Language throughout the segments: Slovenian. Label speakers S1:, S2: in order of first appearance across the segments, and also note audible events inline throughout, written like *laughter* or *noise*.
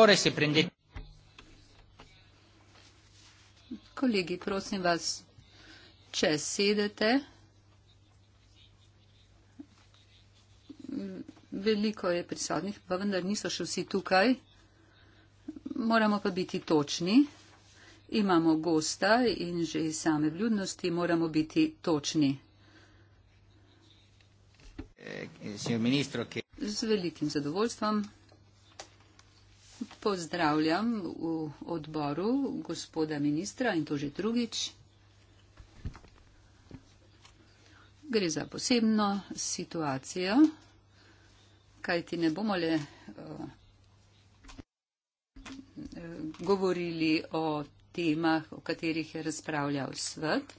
S1: ore se prendete. Kolegi, prosim vas, če sedete. Veliko je prisotnih, pa vendar niso še vsi tukaj. Moramo pa biti točni. Imamo gosta in že iz same vljudnosti moramo biti točni. Eh, eh, Z velikim zadovoljstvom. Pozdravljam v odboru gospoda ministra in to že drugič. Gre za posebno situacijo, kajti ne bomo le eh, eh, govorili o temah, o katerih je razpravljal svet,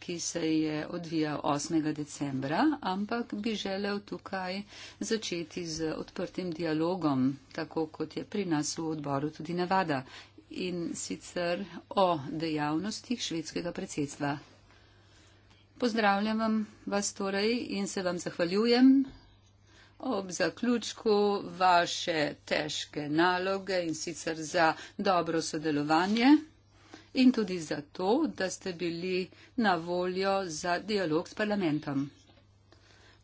S1: ki se je odvijal 8. decembra, ampak bi želel tukaj začeti z odprtim dialogom, tako kot je pri nas v odboru tudi navada, in sicer o dejavnostih švedskega predsedstva. Pozdravljam vas torej in se vam zahvaljujem. Ob zaključku vaše težke naloge in sicer za dobro sodelovanje in tudi zato, da ste bili na voljo za dialog s parlamentom.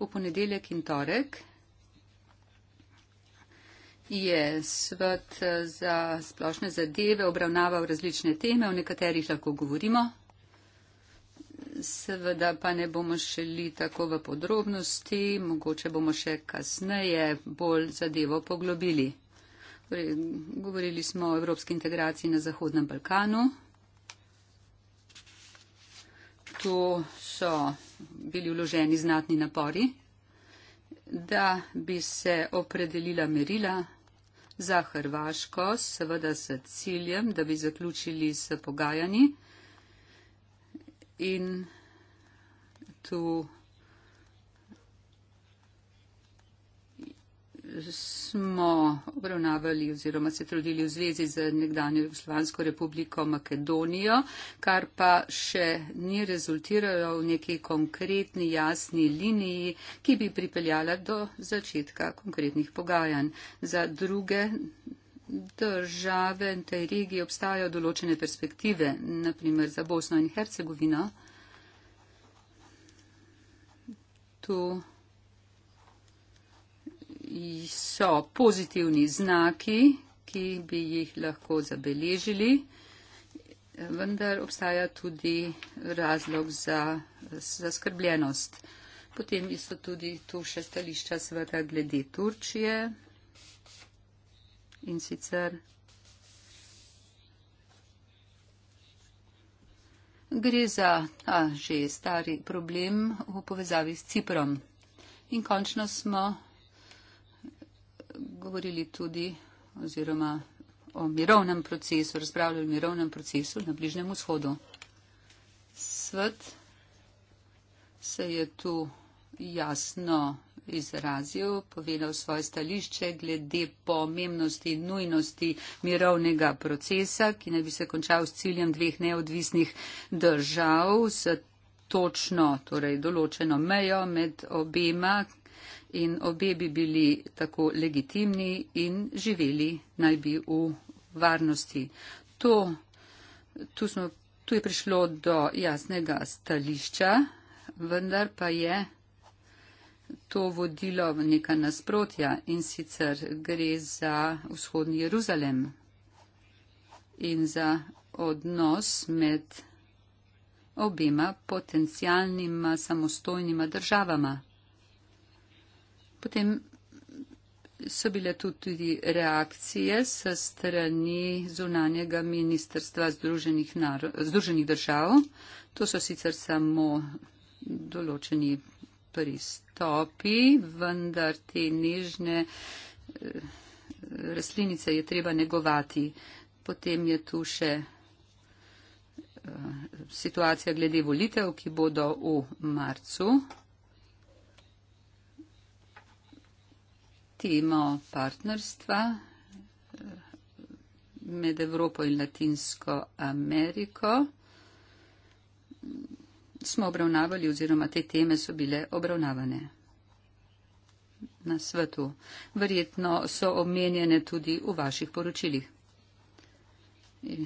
S1: V ponedeljek in torek je svet za splošne zadeve obravnaval različne teme, o nekaterih lahko govorimo. Seveda pa ne bomo šli tako v podrobnosti, mogoče bomo še kasneje bolj zadevo poglobili. Torej, govorili smo o evropski integraciji na Zahodnem Balkanu bistvu so bili vloženi znatni napori, da bi se opredelila merila za Hrvaško, seveda s ciljem, da bi zaključili s pogajanji. In tu smo obravnavali oziroma se trudili v zvezi z nekdanjo Jugoslovansko republiko Makedonijo, kar pa še ni rezultiralo v neki konkretni jasni liniji, ki bi pripeljala do začetka konkretnih pogajanj. Za druge države in tej regiji obstajajo določene perspektive, naprimer za Bosno in Hercegovino. Tu so pozitivni znaki, ki bi jih lahko zabeležili, vendar obstaja tudi razlog za zaskrbljenost. Potem so tudi tu še stališča sveta glede Turčije in sicer. Gre za ta že stari problem v povezavi s Ciprom. In končno smo govorili tudi oziroma o mirovnem procesu, razpravljali o mirovnem procesu na Bližnem vzhodu. Svet se je tu jasno izrazil, povedal svoje stališče glede pomembnosti in nujnosti mirovnega procesa, ki naj bi se končal s ciljem dveh neodvisnih držav. Točno, torej določeno mejo med obema, in obe bi bili tako legitimni in živeli naj bi v varnosti. To, tu, smo, tu je prišlo do jasnega stališča, vendar pa je to vodilo v neka nasprotja in sicer gre za vzhodni Jeruzalem in za odnos med obema potencialnima samostojnima državama. Potem so bile tudi reakcije s strani zunanjega ministrstva Združenih, Združenih držav. To so sicer samo določeni pristopi, vendar te nežne eh, rastlinice je treba negovati. Potem je tu še eh, situacija glede volitev, ki bodo v marcu. temo partnerstva eh, med Evropo in Latinsko Ameriko smo obravnavali oziroma te teme so bile obravnavane na svetu. Verjetno so omenjene tudi v vaših poročilih. Eh,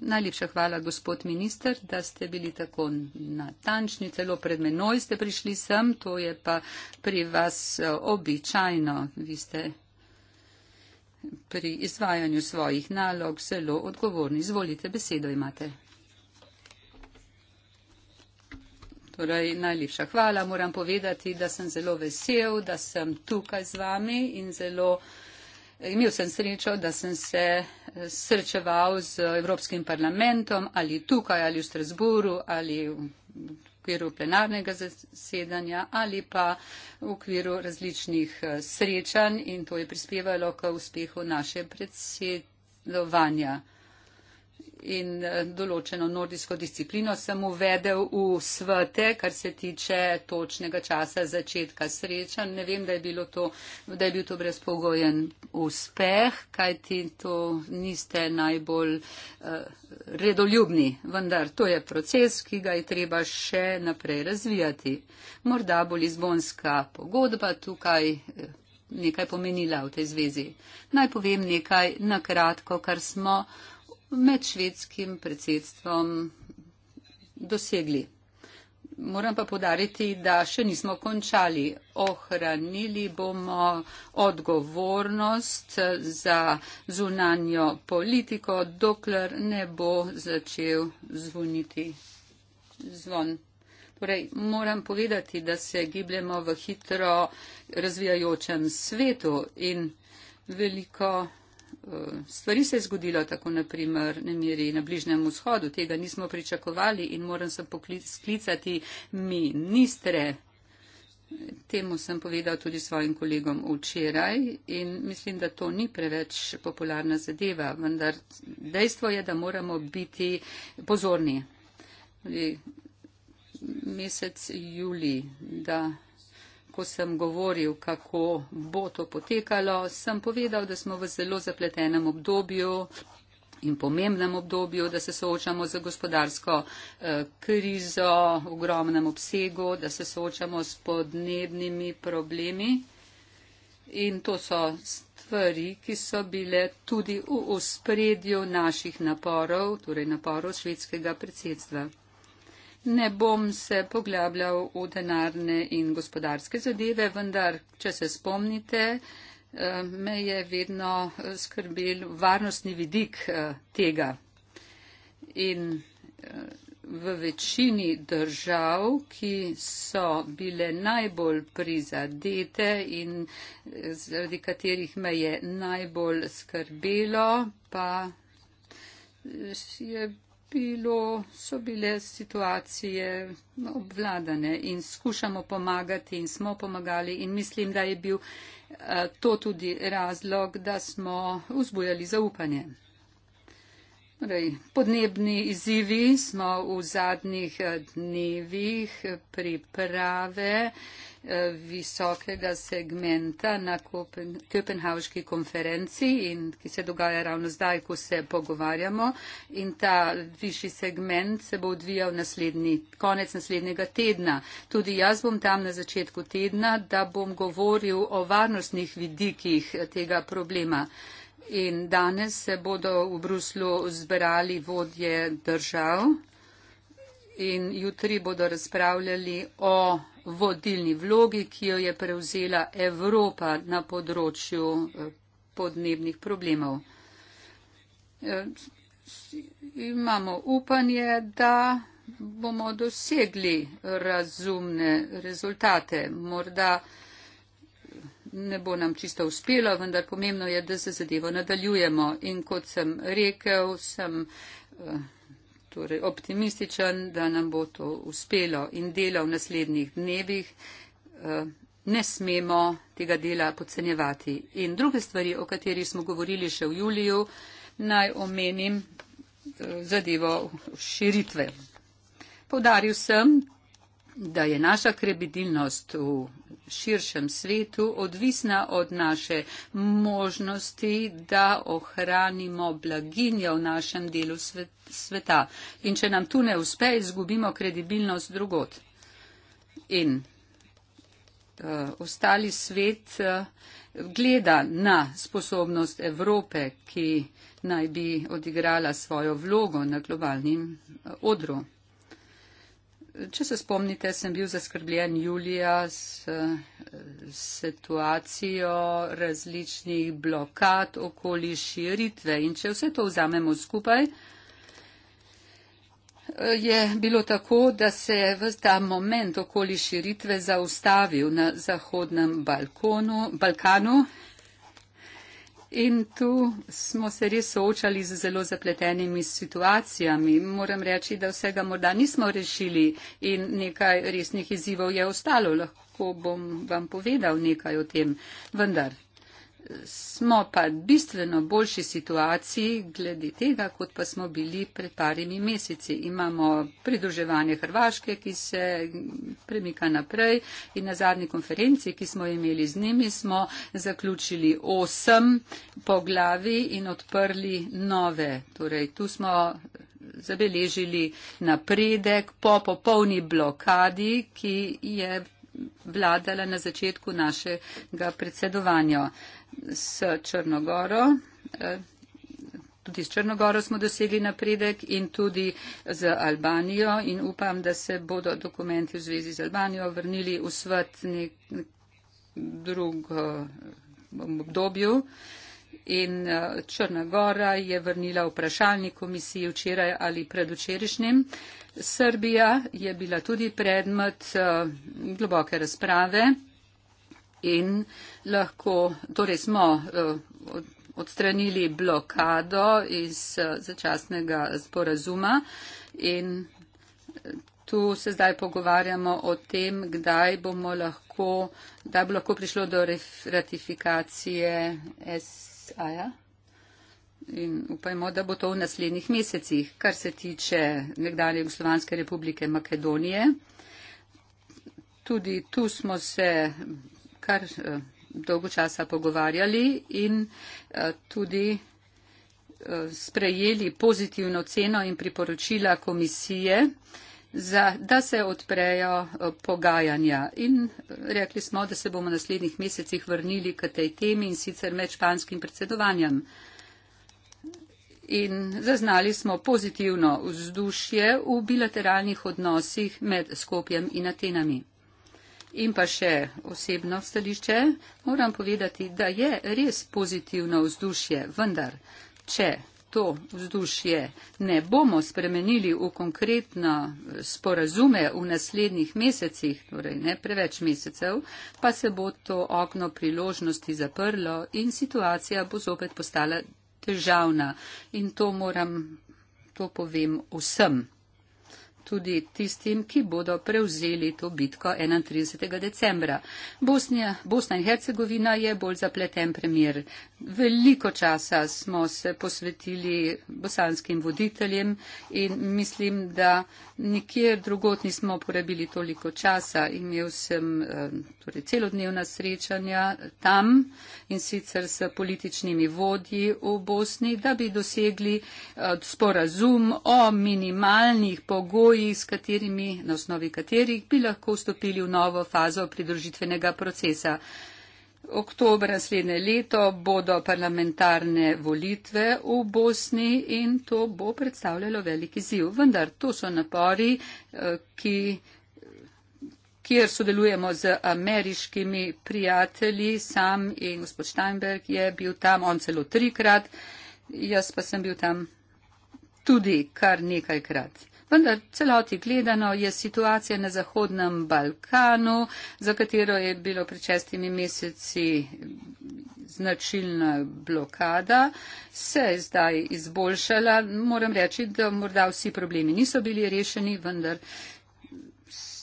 S1: Najlepša hvala, gospod minister, da ste bili tako natančni, celo pred menoj ste prišli sem, to je pa pri vas eh, običajno. Vi ste pri izvajanju svojih nalog zelo odgovorni. Izvolite, besedo imate. Torej, najlepša hvala. Moram povedati, da sem zelo vesel, da sem tukaj z vami in zelo imel sem srečo, da sem se srečeval z Evropskim parlamentom ali tukaj ali v Strasburu ali v okviru plenarnega zasedanja ali pa v okviru različnih eh, srečanj in to je prispevalo k uspehu naše predsedovanja in eh, določeno nordijsko disciplino sem uvedel v svete, kar se tiče točnega časa začetka sreča. Ne vem, da je, to, da je bil to brezpogojen uspeh, kaj ti to niste najbolj uh, redoljubni, vendar to je proces, ki ga je treba še naprej razvijati. Morda bo Lizbonska pogodba tukaj. Uh, nekaj pomenila v tej zvezi. Naj povem nekaj na kratko, kar smo med švedskim predsedstvom dosegli. Moram pa podariti, da še nismo končali. Ohranili bomo odgovornost za zunanjo politiko, dokler ne bo začel zvoniti zvon. Torej, moram povedati, da se gibljemo v hitro razvijajočem svetu in veliko. Eh, stvari se je zgodilo, tako naprimer nemiri na Bližnjem vzhodu, tega nismo pričakovali in moram se poklicati ministre. Temu sem povedal tudi svojim kolegom včeraj in mislim, da to ni preveč popularna zadeva, vendar dejstvo je, da moramo biti pozorni. Torej, mesec juli, da ko sem govoril, kako bo to potekalo, sem povedal, da smo v zelo zapletenem obdobju in pomembnem obdobju, da se soočamo z gospodarsko eh, krizo v ogromnem obsegu, da se soočamo s podnebnimi problemi. In to so stvari, ki so bile tudi v ospredju naših naporov, torej naporov švedskega predsedstva. Ne bom se poglabljal v denarne in gospodarske zadeve, vendar, če se spomnite, eh, me je vedno eh, skrbel varnostni vidik eh, tega. In v večini držav, ki so bile najbolj prizadete in zaradi katerih me je najbolj skrbelo, pa je bilo, so bile situacije obvladane in skušamo pomagati in smo pomagali in mislim, da je bil eh, to tudi razlog, da smo vzbujali zaupanje. Torej, podnebni izzivi smo v zadnjih eh, dnevih priprave eh, visokega segmenta na Köpenhavški konferenci, in, ki se dogaja ravno zdaj, ko se pogovarjamo. In ta višji segment se bo odvijal naslednji, konec naslednjega tedna. Tudi jaz bom tam na začetku tedna, da bom govoril o varnostnih vidikih eh, tega problema. In danes se bodo v Bruslu zbrali vodje držav in jutri bodo razpravljali o vodilni vlogi, ki jo je prevzela Evropa na področju eh, podnebnih problemov. Eh, imamo upanje, da bomo dosegli razumne rezultate. Morda ne bo nam čisto uspelo, vendar pomembno je, da se zadevo nadaljujemo. In kot sem rekel, sem eh, torej, optimističen, da nam bo to uspelo in dela v naslednjih dnevih. Eh, ne smemo tega dela podcenjevati. In druge stvari, o kateri smo govorili še v juliju, naj omenim eh, zadevo širitve. Podaril sem da je naša kredibilnost v širšem svetu odvisna od naše možnosti, da ohranimo blaginjo v našem delu sveta. In če nam tu ne uspe, izgubimo kredibilnost drugot. In uh, ostali svet uh, gleda na sposobnost Evrope, ki naj bi odigrala svojo vlogo na globalnim eh, odru. Če se spomnite, sem bil zaskrbljen julija s eh, situacijo različnih blokad okoli širitve in če vse to vzamemo skupaj, eh, je bilo tako, da se je v ta moment okoli širitve zaustavil na Zahodnem Balkonu, Balkanu In tu smo se res soočali z zelo zapletenimi situacijami. Moram reči, da vsega morda nismo rešili in nekaj resnih izzivov je ostalo. Lahko bom vam povedal nekaj o tem. Vendar smo pa bistveno boljši situaciji glede tega, kot pa smo bili pred parimi meseci. Imamo pridruževanje Hrvaške, ki se premika naprej in na zadnji konferenci, ki smo imeli z njimi, smo zaključili osem poglavi in odprli nove. Torej, tu smo zabeležili napredek po popolni blokadi, ki je vladala na začetku našega predsedovanja s Črnogoro. Eh, tudi s Črnogoro smo dosegli napredek in tudi z Albanijo in upam, da se bodo dokumenti v zvezi z Albanijo vrnili v svet nek drug eh, obdobju. Uh, in eh, Črna Gora je vrnila vprašalni komisiji včeraj ali predvčerišnjem. Srbija je bila tudi predmet eh, globoke razprave in lahko, torej smo eh, odstranili blokado iz začasnega sporazuma in tu se zdaj pogovarjamo o tem, kdaj bomo lahko, da bo lahko prišlo do ratifikacije S ja? in upajmo, da bo to v naslednjih mesecih. Kar se tiče nekdanje Jugoslovanske republike Makedonije, tudi tu smo se kar eh, dolgo časa pogovarjali in eh, tudi eh, sprejeli pozitivno ceno in priporočila komisije za, da se odprejo eh, pogajanja. In eh, rekli smo, da se bomo v naslednjih mesecih vrnili k tej temi in sicer med španskim predsedovanjem. In zaznali smo pozitivno vzdušje v bilateralnih odnosih med Skopjem in Atenami. In pa še osebno stališče, moram povedati, da je res pozitivno vzdušje, vendar, če to vzdušje ne bomo spremenili v konkretna eh, sporazume v naslednjih mesecih, torej ne preveč mesecev, pa se bo to okno priložnosti zaprlo in situacija bo zopet postala težavna. In to moram, to povem vsem tudi tistim, ki bodo prevzeli to bitko 31. decembra. Bosnija, Bosna in Hercegovina je bolj zapleten premjer. Veliko časa smo se posvetili bosanskim voditeljem in mislim, da nikjer drugot nismo porabili toliko časa. Imel sem eh, torej, celodnevna srečanja tam in sicer s političnimi vodji v Bosni, da bi dosegli eh, sporazum o minimalnih pogojih, pogoji, s katerimi, na osnovi katerih bi lahko vstopili v novo fazo pridružitvenega procesa. Oktober naslednje leto bodo parlamentarne volitve v Bosni in to bo predstavljalo veliki ziv. Vendar to so napori, eh, ki, kjer sodelujemo z ameriškimi prijatelji. Sam in gospod Steinberg je bil tam, on celo trikrat, jaz pa sem bil tam tudi kar nekajkrat vendar celoti gledano je situacija na Zahodnem Balkanu, za katero je bilo pred šestimi meseci značilna blokada, se je zdaj izboljšala. Moram reči, da morda vsi problemi niso bili rešeni, vendar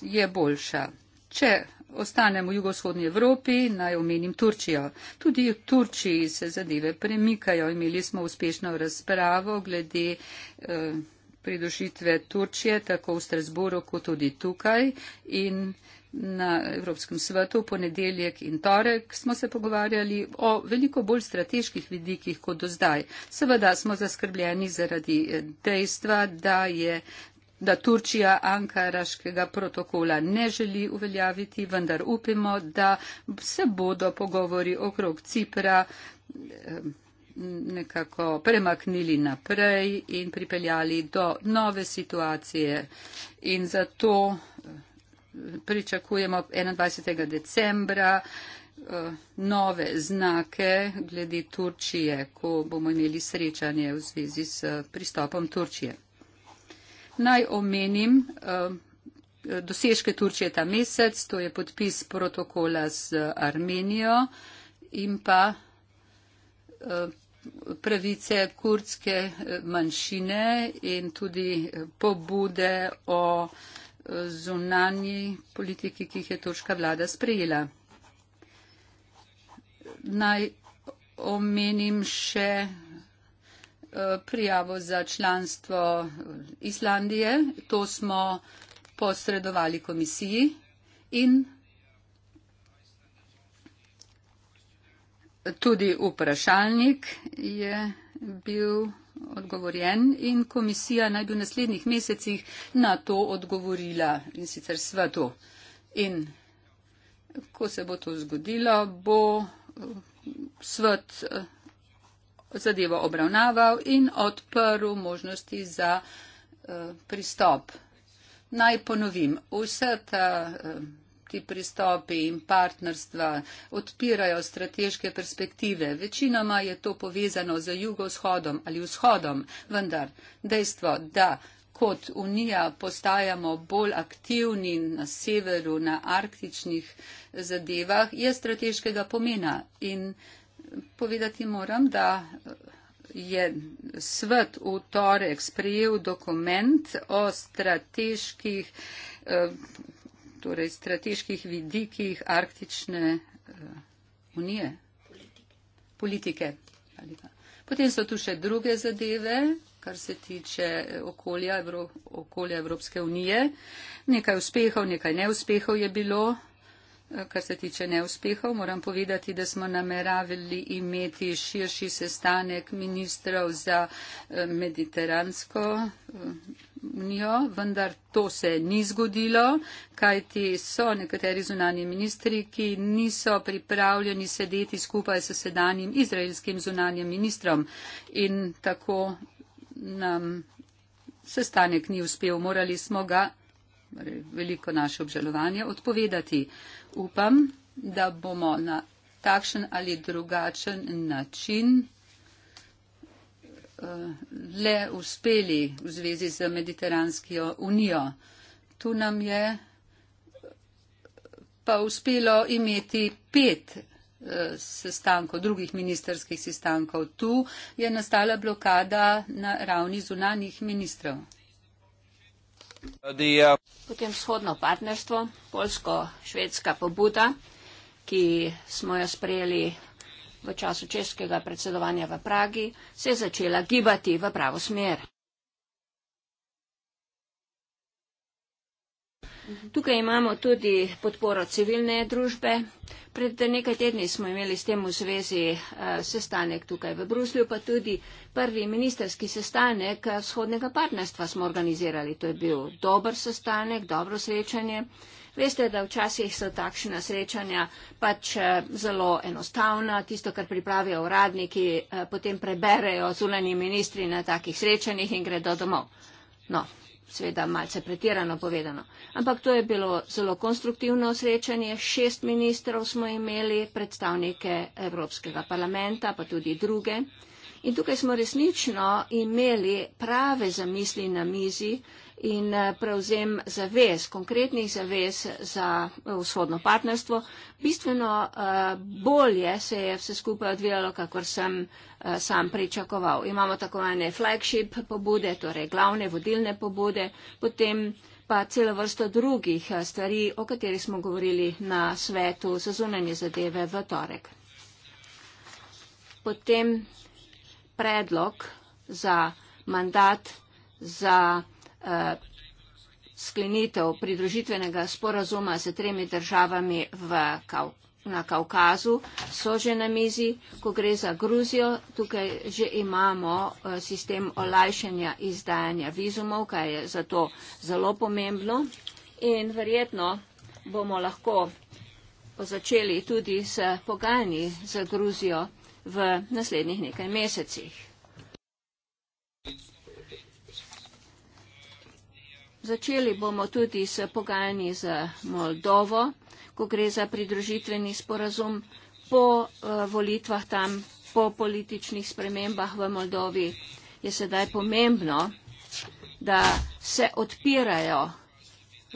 S1: je boljša. Če ostanem v jugovzhodni Evropi, naj omenim Turčijo. Tudi v Turčiji se zadeve premikajo. Imeli smo uspešno razpravo glede. Eh, pridružitve Turčije, tako v Strasburu, kot tudi tukaj in na Evropskem svetu, ponedeljek in torek, smo se pogovarjali o veliko bolj strateških vidikih kot do zdaj. Seveda smo zaskrbljeni zaradi eh, dejstva, da je da Turčija Ankaraškega protokola ne želi uveljaviti, vendar upimo, da se bodo pogovori okrog Cipra eh, nekako premaknili naprej in pripeljali do nove situacije. In zato eh, pričakujemo 21. decembra eh, nove znake glede Turčije, ko bomo imeli srečanje v zvezi s eh, pristopom Turčije. Naj omenim dosežke Turčije ta mesec, to je podpis protokola z Armenijo in pa pravice kurdske eh, manjšine in tudi eh, pobude o eh, zunanji politiki, ki jih je turška vlada sprejela. Naj omenim še prijavo za članstvo Islandije. To smo posredovali komisiji in Tudi vprašalnik je bil odgovorjen in komisija naj bi v naslednjih mesecih na to odgovorila in sicer svetu. In ko se bo to zgodilo, bo eh, svet eh, zadevo obravnaval in odprl možnosti za eh, pristop. Naj ponovim, vse ta ti pristopi in partnerstva odpirajo strateške perspektive. Večinoma je to povezano z jugovzhodom ali vzhodom, vendar dejstvo, da kot Unija postajamo bolj aktivni na severu, na arktičnih zadevah, je strateškega pomena. In povedati moram, da je svet v torek sprejel dokument o strateških eh, torej strateških vidikih Arktične uh, unije. Politike. Politike. Potem so tu še druge zadeve, kar se tiče eh, okolja, Evro, okolja Evropske unije. Nekaj uspehov, nekaj neuspehov je bilo. Kar se tiče neuspehov, moram povedati, da smo nameravili imeti širši sestanek ministrov za eh, Mediteransko eh, unijo, vendar to se ni zgodilo, kajti so nekateri zunani ministri, ki niso pripravljeni sedeti skupaj s sedanjim izraelskim zunanjem ministrom in tako nam sestanek ni uspel, morali smo ga Torej, veliko naše obžalovanje odpovedati. Upam, da bomo na takšen ali drugačen način eh, le uspeli v zvezi z Mediteranskijo unijo. Tu nam je eh, pa uspelo imeti pet eh, sestankov, drugih ministerskih sestankov. Tu je nastala blokada na ravni zunanjih ministrov. Eh, Potem vzhodno partnerstvo, polsko-švedska pobuda,
S2: ki smo jo sprejeli v času češkega predsedovanja v Pragi, se je začela gibati v pravo smer. Tukaj imamo tudi podporo civilne družbe. Pred nekaj tedni smo imeli s tem v zvezi eh, sestanek tukaj v Bruslju, pa tudi prvi ministerski sestanek eh, vzhodnega partnerstva smo organizirali. To je bil dober sestanek, dobro srečanje. Veste, da včasih so takšna srečanja pač eh, zelo enostavna. Tisto, kar pripravijo uradniki, potem preberejo zunani ministri na takih srečanjih in gredo domov. No, seveda malce pretirano povedano. Ampak to je bilo zelo konstruktivno srečanje. Šest ministrov smo imeli, predstavnike Evropskega parlamenta, pa tudi druge. In tukaj smo resnično imeli prave zamisli na mizi, in eh, prevzem zavez, konkretnih zavez za eh, vzhodno partnerstvo. Bistveno eh, bolje se je vse skupaj odvijalo, kakor sem sam pričakoval. Imamo tako ene flagship pobude, torej glavne vodilne pobude, potem pa celo vrsto drugih stvari, o katerih smo govorili na svetu za zunanje zadeve v torek. Potem predlog za mandat za sklenitev pridružitvenega sporazuma z tremi državami v, na Kaukazu, so že na mizi, ko gre za Gruzijo, tukaj že imamo eh, sistem olajšanja izdajanja vizumov, kaj je zato zelo pomembno in verjetno bomo lahko začeli tudi s pogajanji za Gruzijo v naslednjih nekaj mesecih. Začeli bomo tudi s pogajanji z Moldovo, ko gre za pridružitveni sporazum po eh, volitvah tam, po političnih spremembah v Moldovi. Je sedaj pomembno, da se odpirajo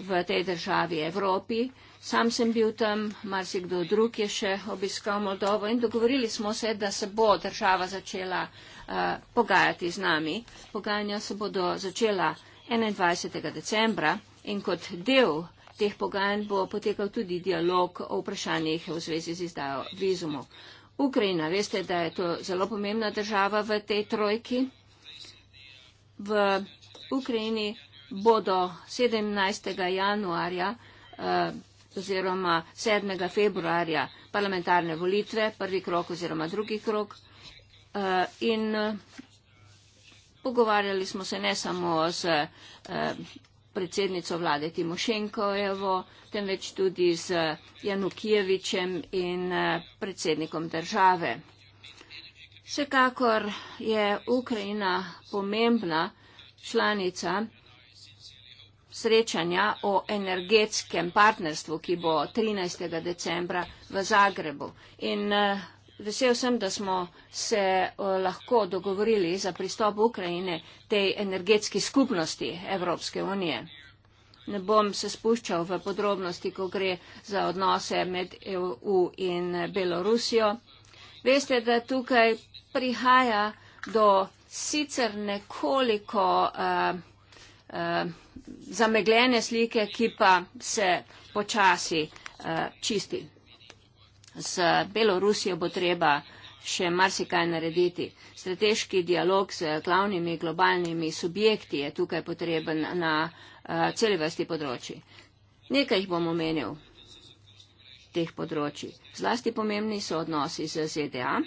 S2: v tej državi Evropi. Sam sem bil tam, marsikdo drug je še obiskal Moldovo in dogovorili smo se, da se bo država začela uh, pogajati z nami. Pogajanja se bodo začela uh, 21. decembra in kot del teh pogajanj bo potekal tudi dialog o vprašanjih v zvezi z izdajo vizumov. Ukrajina, veste, da je to zelo pomembna država v tej trojki. V Ukrajini bodo 17. januarja eh, oziroma 7. februarja parlamentarne volitve, prvi krok oziroma drugi krok. Eh, in Pogovarjali smo se ne samo z eh, predsednico vlade Timošenkojevo, temveč tudi z Janukijevičem in eh, predsednikom države. Vsekakor je Ukrajina pomembna članica srečanja o energetskem partnerstvu, ki bo 13. decembra v Zagrebu. In eh, Vesel sem, da smo se eh, lahko dogovorili za pristop Ukrajine tej energetski skupnosti Evropske unije. Ne bom se spuščal v podrobnosti, ko gre za odnose med EU in Belorusijo. Veste, da tukaj prihaja do sicer nekoliko uh, uh, zamegljene slike, ki pa se počasi uh, čisti z Belorusijo bo treba še marsikaj narediti. Strateški dialog z glavnimi globalnimi subjekti je tukaj potreben na uh, celi vrsti področji. Nekaj jih bom omenil teh področji. Zlasti pomembni so odnosi z ZDA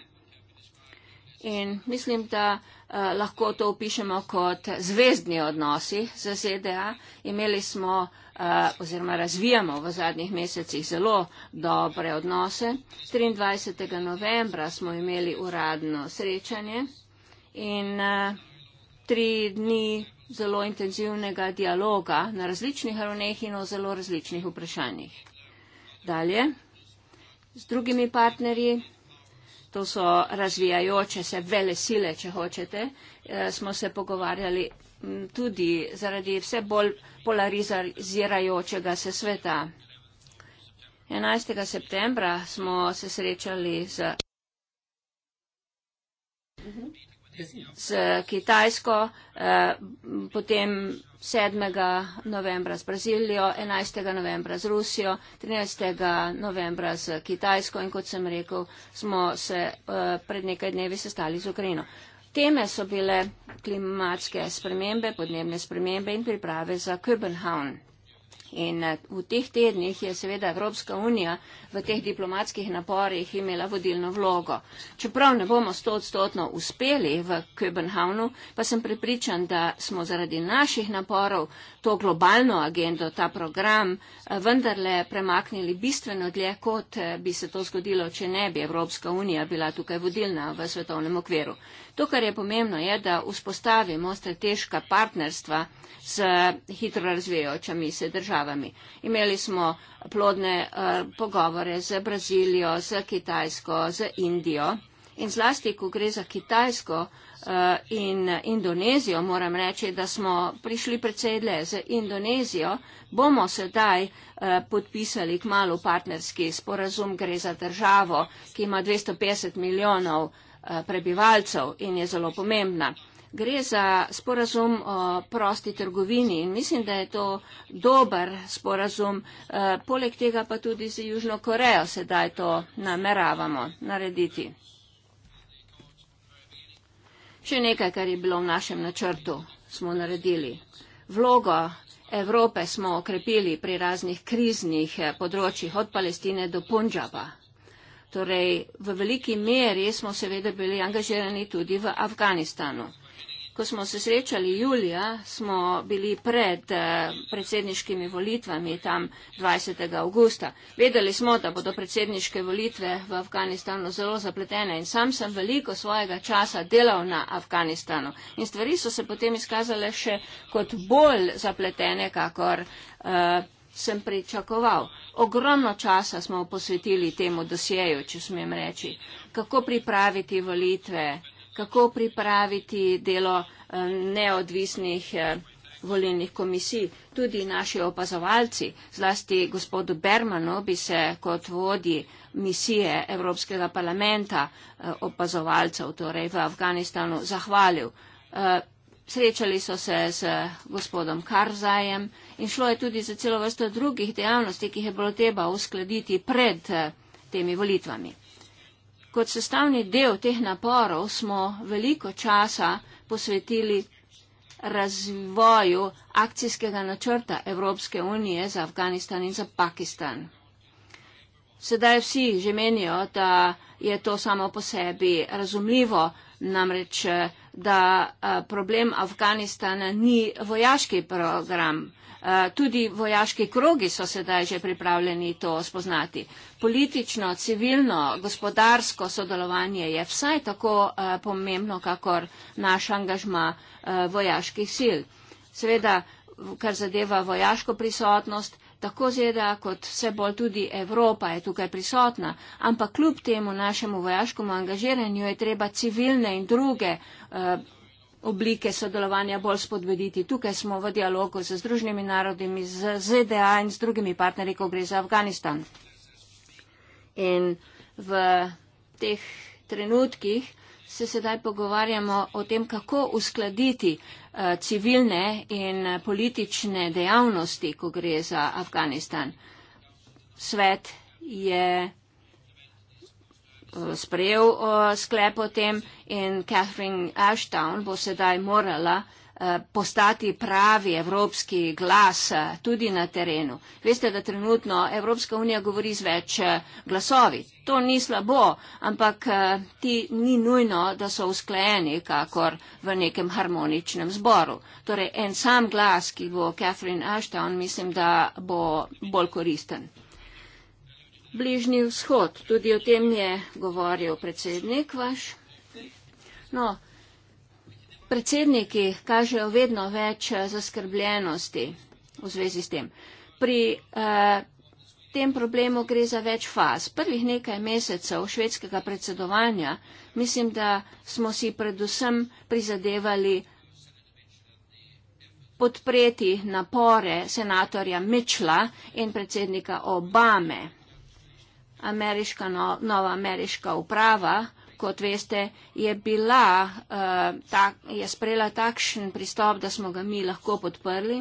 S2: in mislim, da uh, lahko to opišemo kot zvezdni odnosi z ZDA. Imeli smo uh, Eh, oziroma razvijamo v zadnjih mesecih zelo dobre odnose. 23. novembra smo imeli uradno srečanje in eh, tri dni zelo intenzivnega dialoga na različnih ravneh in o zelo različnih vprašanjih. Dalje, z drugimi partnerji, to so razvijajoče se vele sile, če hočete, eh, smo se pogovarjali tudi zaradi vse bolj polarizirajočega se sveta. 11. septembra smo se srečali z, z Kitajsko, eh, potem 7. novembra z Brazilijo, 11. novembra z Rusijo, 13. novembra z Kitajsko in kot sem rekel, smo se eh, pred nekaj dnevi sestali z Ukrajino. Teme so bile klimatske spremembe, podnebne spremembe in priprave za Köbenhavn. In eh, v teh tednih je seveda Evropska unija v teh diplomatskih naporih imela vodilno vlogo. Čeprav ne bomo stotstotno uspeli v Köbenhavnu, pa sem prepričan, da smo zaradi naših naporov to globalno agendo, ta program eh, vendarle premaknili bistveno dlje, kot eh, bi se to zgodilo, če ne bi Evropska unija bila tukaj vodilna v svetovnem okviru. To, kar je pomembno, je, da vzpostavimo strateška partnerstva z hitro razvijajočami se državami. Imeli smo plodne uh, pogovore z Brazilijo, z Kitajsko, z Indijo in zlasti, ko gre za Kitajsko uh, in Indonezijo, moram reči, da smo prišli precej dlje z Indonezijo, bomo sedaj uh, podpisali k malu partnerski sporazum, gre za državo, ki ima 250 milijonov. Eh, prebivalcev in je zelo pomembna. Gre za sporazum o prosti trgovini in mislim, da je to dober sporazum. Eh, poleg tega pa tudi z Južno Korejo sedaj to nameravamo narediti. Še nekaj, kar je bilo v našem načrtu, smo naredili. Vlogo Evrope smo okrepili pri raznih kriznih eh, področjih od Palestine do Punjaba. Torej, v veliki meri smo seveda bili angažirani tudi v Afganistanu. Ko smo se srečali julija, smo bili pred eh, predsedniškimi volitvami tam 20. augusta. Vedeli smo, da bodo predsedniške volitve v Afganistanu zelo zapletene in sam sem veliko svojega časa delal na Afganistanu. In stvari so se potem izkazale še kot bolj zapletene, kakor. Uh, sem pričakoval. Ogromno časa smo posvetili temu dosjeju, če smem reči, kako pripraviti volitve, kako pripraviti delo eh, neodvisnih eh, volilnih komisij. Tudi naši opazovalci, zlasti gospodu Bermanu, bi se kot vodi misije Evropskega parlamenta eh, opazovalcev, torej v Afganistanu, zahvalil srečali so se z gospodom Karzajem in šlo je tudi za celo vrsto drugih dejavnosti, ki jih je bilo treba uskladiti pred eh, temi volitvami. Kot sestavni del teh naporov smo veliko časa posvetili razvoju akcijskega načrta Evropske unije za Afganistan in za Pakistan. Sedaj vsi že menijo, da je to samo po sebi razumljivo, namreč eh, da problem Afganistana ni vojaški program. Tudi vojaški krogi so sedaj že pripravljeni to spoznati. Politično, civilno, gospodarsko sodelovanje je vsaj tako pomembno, kakor naš angažma vojaških sil. Sveda, kar zadeva vojaško prisotnost, tako zeda kot vse bolj tudi Evropa je tukaj prisotna, ampak kljub temu našemu vojaškemu angažiranju je treba civilne in druge eh, oblike sodelovanja bolj spodbuditi. Tukaj smo v dialogu z Združenimi narodimi, z ZDA in z drugimi partnerji, ko gre za Afganistan. In v teh trenutkih se sedaj pogovarjamo o tem, kako uskladiti eh, civilne in eh, politične dejavnosti, ko gre za Afganistan. Svet je eh, sprejel sklep o tem in Catherine Ashton bo sedaj morala Eh, postati pravi evropski glas eh, tudi na terenu. Veste, da trenutno Evropska unija govori z več eh, glasovi. To ni slabo, ampak ti ni nujno, da so usklajeni, kakor v nekem harmoničnem zboru. Torej, en sam glas, ki bo Catherine Ashton, mislim, da bo bolj koristen. Bližnji vzhod, tudi o tem je govoril predsednik vaš. No, predsedniki kažejo vedno več eh, zaskrbljenosti v zvezi s tem. Pri eh, tem problemu gre za več faz. Prvih nekaj mesecev švedskega predsedovanja mislim, da smo si predvsem prizadevali podpreti napore senatorja Mitchella in predsednika Obame. Ameriška, no, nova ameriška uprava kot veste, je bila, uh, ta, je sprejela takšen pristop, da smo ga mi lahko podprli.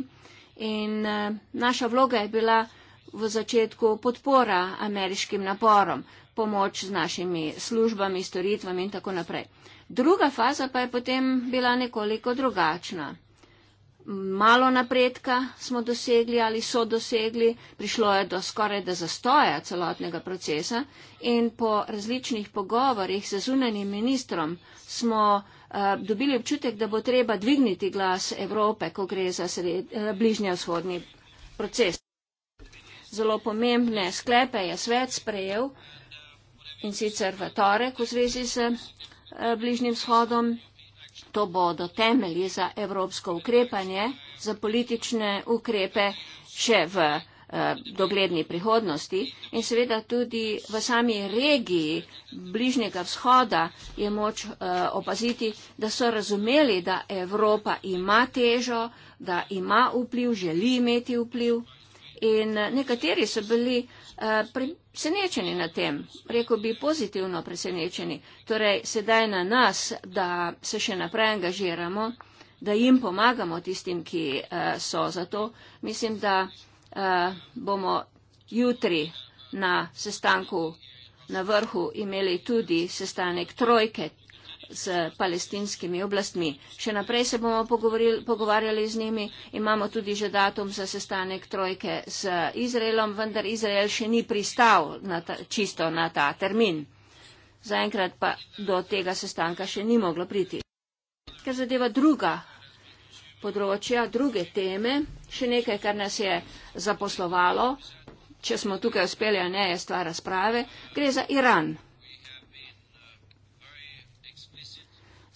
S2: In uh, naša vloga je bila v začetku podpora ameriškim naporom, pomoč z našimi službami, storitvami in tako naprej. Druga faza pa je potem bila nekoliko drugačna malo napredka smo dosegli ali so dosegli, prišlo je do skoraj da zastoja celotnega procesa in po različnih pogovorjih z zunanim ministrom smo uh, dobili občutek, da bo treba dvigniti glas Evrope, ko gre za sred, uh, eh, bližnje vzhodni proces. Zelo pomembne sklepe je svet sprejel in sicer v torek v zvezi s uh, eh, bližnjim vzhodom to bodo temelji za evropsko ukrepanje, za politične ukrepe še v eh, dogledni prihodnosti in seveda tudi v sami regiji Bližnjega vzhoda je moč uh, opaziti, da so razumeli, da Evropa ima težo, da ima vpliv, želi imeti vpliv in eh, nekateri so bili uh, presenečeni na tem, rekel bi pozitivno presenečeni, torej sedaj na nas, da se še naprej angažiramo, da jim pomagamo tistim, ki uh, so za to. Mislim, da uh, bomo jutri na sestanku na vrhu imeli tudi sestanek trojke z palestinskimi oblastmi. Še naprej se bomo pogovarjali z njimi. Imamo tudi že datum za sestanek trojke z Izraelom, vendar Izrael še ni pristal na ta, čisto na ta termin. Zaenkrat pa do tega sestanka še ni moglo priti. Kar zadeva druga področja, druge teme, še nekaj, kar nas je zaposlovalo, če smo tukaj uspeli, a ne je stvar razprave, gre za Iran.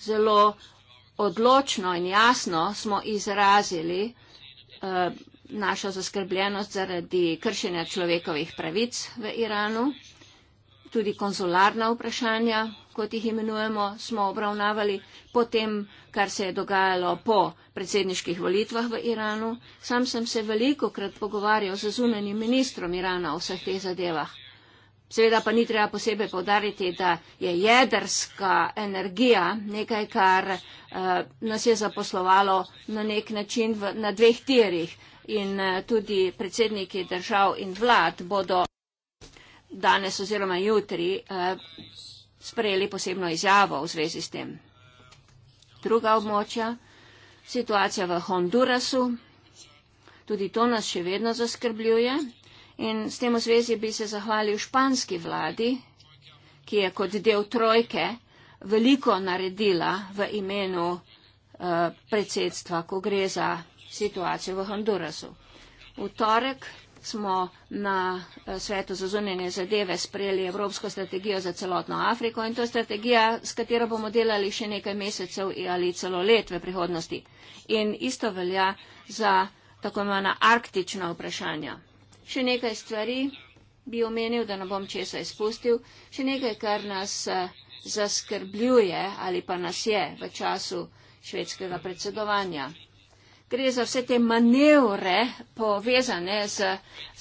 S2: zelo odločno in jasno smo izrazili eh, našo zaskrbljenost zaradi kršenja človekovih pravic v Iranu. Tudi konzularna vprašanja, kot jih imenujemo, smo obravnavali po tem, kar se je dogajalo po predsedniških volitvah v Iranu. Sam sem se veliko krat pogovarjal z zunanim ministrom Irana o vseh teh zadevah. Seveda pa ni treba posebej povdariti, da je jedrska energija nekaj, kar uh, nas je zaposlovalo na nek način v, na dveh tirih in uh, tudi predsedniki držav in vlad bodo danes oziroma jutri uh, sprejeli posebno izjavo v zvezi s tem. Druga območja, situacija v Hondurasu, tudi to nas še vedno zaskrbljuje. In s tem v zvezi bi se zahvalil španski vladi, ki je kot del trojke veliko naredila v imenu uh, predsedstva, ko gre za situacijo v Hondurasu. V torek smo na eh, svetu za zunanje zadeve sprejeli Evropsko strategijo za celotno Afriko in to je strategija, s katero bomo delali še nekaj mesecev ali celo let v prihodnosti. In isto velja za tako imena arktična vprašanja. Še nekaj stvari bi omenil, da ne bom česa izpustil. Še nekaj, kar nas eh, zaskrbljuje ali pa nas je v času švedskega predsedovanja. Gre za vse te manevre povezane z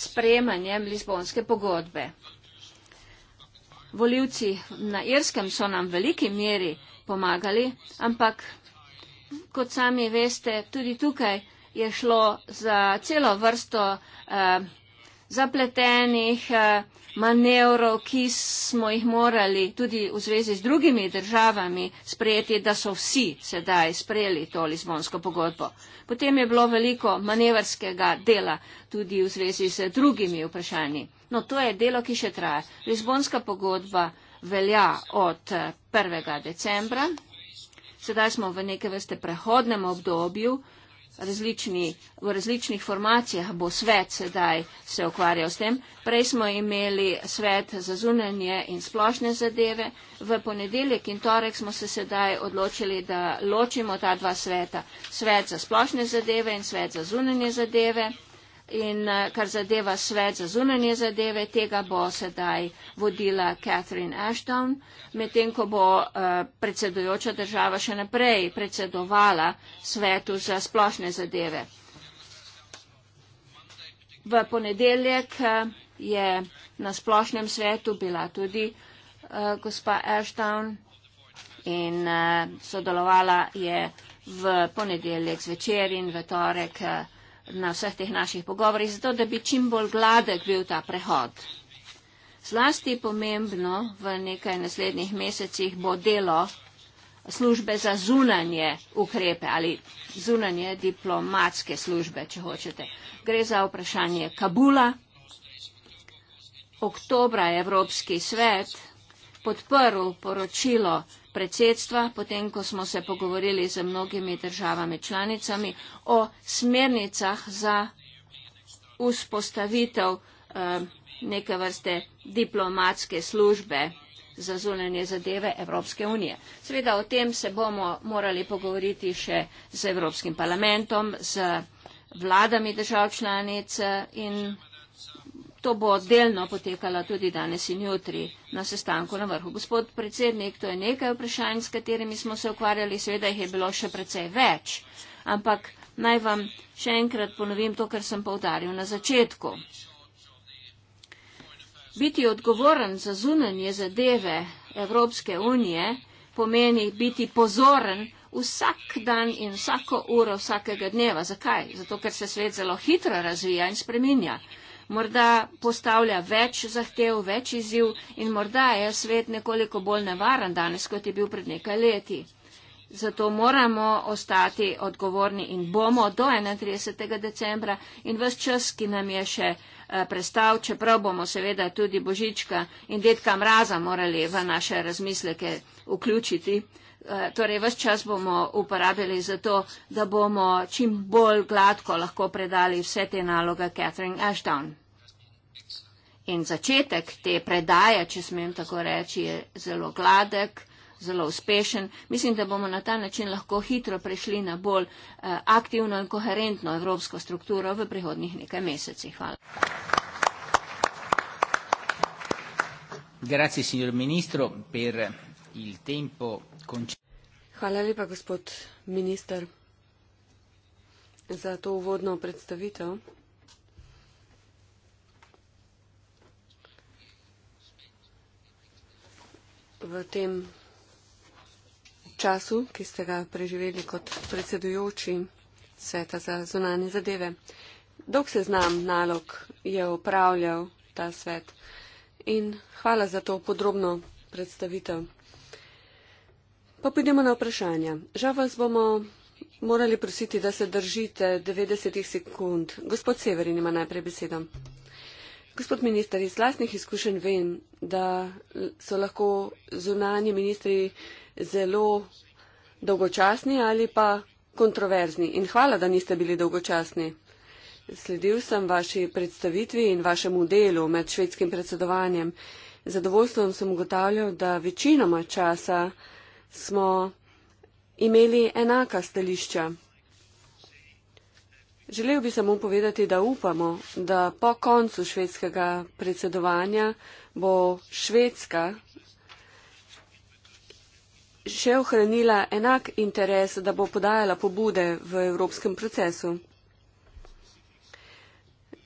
S2: sprejemanjem Lizbonske pogodbe. Voljivci na Irskem so nam v veliki meri pomagali, ampak kot sami veste, tudi tukaj je šlo za celo vrsto eh, zapletenih eh, manevrov, ki smo jih morali tudi v zvezi z drugimi državami sprejeti, da so vsi sedaj sprejeli to Lizbonsko pogodbo. Potem je bilo veliko manevrskega dela tudi v zvezi z drugimi vprašanji. No, to je delo, ki še traja. Lizbonska pogodba velja od 1. Eh, decembra. Sedaj smo v neke vrste prehodnem obdobju različni, v različnih formacijah bo svet sedaj se ukvarjal s tem. Prej smo imeli svet za zunanje in splošne zadeve. V ponedeljek in torek smo se sedaj odločili, da ločimo ta dva sveta. Svet za splošne zadeve in svet za zunanje zadeve. In eh, kar zadeva svet za zunanje zadeve, tega bo sedaj vodila Catherine Ashton, medtem ko bo uh, predsedujoča država še naprej predsedovala svetu za splošne zadeve. V ponedeljek eh, je na splošnem svetu bila tudi uh, gospa Ashton in uh, sodelovala je v ponedeljek zvečer in v torek. Uh, na vseh teh naših pogovorih, zato da bi čim bolj gladek bil ta prehod. Zlasti pomembno v nekaj naslednjih mesecih bo delo službe za zunanje ukrepe ali zunanje diplomatske službe, če hočete. Gre za vprašanje Kabula. Oktobra je Evropski svet podprl poročilo predsedstva, potem ko smo se pogovorili z mnogimi državami članicami o smernicah za vzpostavitev eh, neke vrste diplomatske službe za zunanje zadeve Evropske unije. Seveda o tem se bomo morali pogovoriti še z Evropskim parlamentom, z vladami držav članic eh, in To bo delno potekalo tudi danes in jutri na sestanku na vrhu. Gospod predsednik, to je nekaj vprašanj, s katerimi smo se ukvarjali, seveda jih je bilo še precej več, ampak naj vam še enkrat ponovim to, kar sem povdaril na začetku. Biti odgovoren za zunanje zadeve Evropske unije pomeni biti pozoren vsak dan in vsako uro vsakega dneva. Zakaj? Zato, ker se svet zelo hitro razvija in spreminja morda postavlja več zahtev, več izziv in morda je svet nekoliko bolj nevaren danes, kot je bil pred nekaj leti. Zato moramo ostati odgovorni in bomo do 31. decembra in vse čas, ki nam je še eh, prestav, čeprav bomo seveda tudi Božička in detka mraza morali v naše razmisleke vključiti. Eh, torej vse čas bomo uporabili za to, da bomo čim bolj gladko lahko predali vse te naloge Catherine Ashton. In začetek te predaje, če smem tako reči, je zelo gladek, zelo uspešen. Mislim, da bomo na ta način lahko hitro prešli na bolj eh, aktivno in koherentno evropsko strukturo v prihodnih nekaj mesecih. Hvala.
S1: Grazie signor Ministro per il tempo conce-
S2: Hvala lepa, gospod
S3: minister, za to uvodno predstavitev. V tem času, ki ste ga preživeli kot predsedujoči Sveta za zunanje zadeve, dolg se znam nalog je upravljal ta svet. In hvala za to podrobno predstavitev. Pa pridemo na vprašanja. Žal vas bomo morali prositi, da se držite 90 sekund. Gospod Severin ima najprej besedo. Gospod minister, iz lastnih izkušenj vem, da so lahko zunanji ministri zelo dolgočasni ali pa kontroverzni. In hvala, da niste bili dolgočasni. Sledil sem vaši predstavitvi in vašemu delu med švedskim predsedovanjem. Zadovoljstvom sem ugotavljal, da večinoma časa smo imeli enaka stališča. Želel bi samo povedati, da upamo, da po koncu švedskega predsedovanja bo Švedska še ohranila enak interes, da bo podajala pobude v evropskem procesu.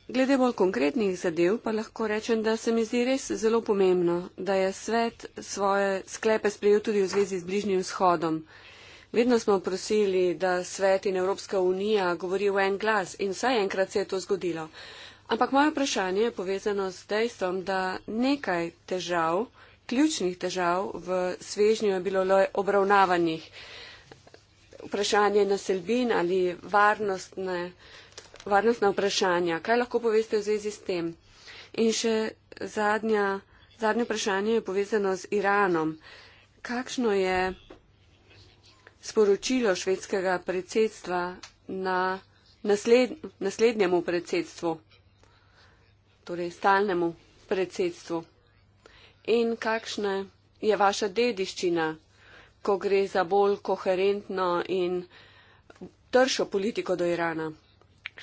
S3: Glede bolj konkretnih zadev pa lahko rečem, da se mi zdi res zelo pomembno, da je svet svoje sklepe sprejel tudi v zvezi z bližnjim shodom. Vedno smo prosili, da svet in Evropska unija govori v en glas in vsaj enkrat se je to zgodilo. Ampak moje vprašanje je povezano s dejstvom, da nekaj težav, ključnih težav v svežnju je bilo obravnavanih. Vprašanje naselbin ali varnostne varnostna vprašanja. Kaj lahko poveste v zvezi s tem? In še zadnja, zadnje vprašanje je povezano z Iranom. Kakšno je sporočilo švedskega predsedstva na nasled, naslednjemu predsedstvu, torej stalnemu predsedstvu? In kakšna je vaša dediščina, ko gre za bolj koherentno in tršo politiko do Irana?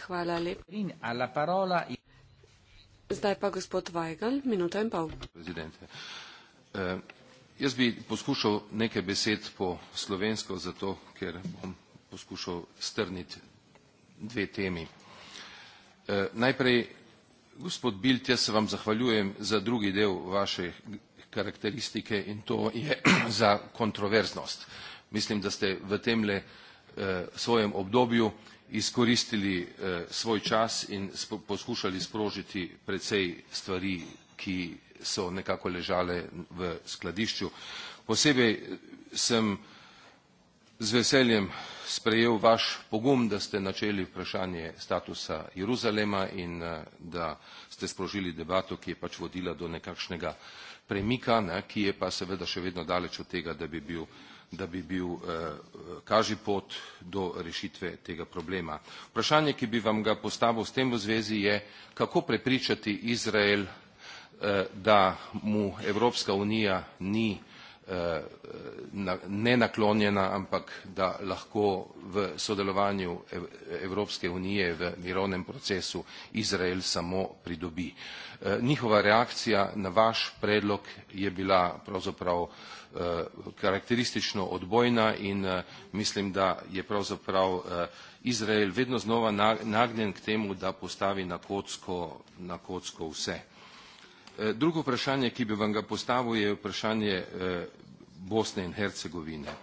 S3: Hvala
S4: lepa.
S3: Zdaj pa gospod Weigl, minuta in pol.
S4: Eh, jaz bi poskušal nekaj besed po slovensko, zato ker bom poskušal strniti dve temi. Eh, najprej, gospod Bilt, jaz se vam zahvaljujem za drugi del vaše karakteristike in to je *clears throat* za kontroverznost. Mislim, da ste v temle eh, svojem obdobju izkoristili eh, svoj čas in poskušali sprožiti precej stvari, ki so nekako ležale v skladišču. Posebej eh, sem z veseljem sprejel vaš pogum, da ste načeli vprašanje statusa Jeruzalema in eh, da ste sprožili debato, ki je pač vodila do nekakšnega premika, ne, ki je pa seveda še vedno daleč od tega, da bi bil da bi bil eh, kaži pot do rešitve tega problema. Vprašanje, ki bi vam ga postavil s tem v zvezi, je, kako prepričati Izrael, eh, da mu Evropska unija ni Eh, nenaklonjena, ampak da lahko v sodelovanju e-, Evropske unije v mirovnem procesu Izrael samo pridobi. Eh, njihova reakcija na vaš predlog je bila pravzaprav eh, karakteristično odbojna in mislim, da je pravzaprav Izrael vedno znova nagnjen k temu, da postavi na kocko, na kocko vse. Eh, drugo vprašanje, ki bi vam ga postavil, je vprašanje eh, Bosne in Hercegovine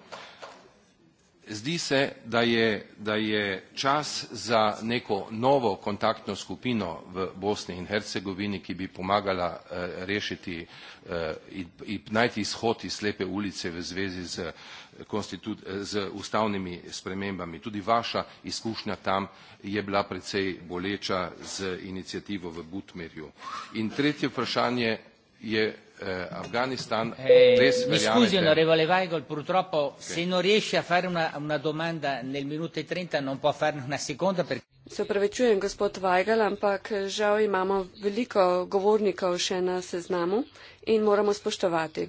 S4: zdi se, da je, da je čas za neko novo kontaktno skupino v Bosni in Hercegovini, ki bi pomagala eh, rešiti eh, in najti izhod iz slepe ulice v zvezi z, eh, z ustavnimi spremembami. Tudi vaša izkušnja tam je bila precej boleča z inicijativo v Butmerju. In tretje vprašanje je eh, Afghanistan. Eh, mi scusi
S2: onorevole Weigel, purtroppo sì. se non riesce a fare una, una domanda nel minuto e trenta non può farne una seconda. Perché... Se opravičujem, gospod Vajgal, ampak
S3: žal imamo veliko govornikov še na seznamu in moramo spoštovati.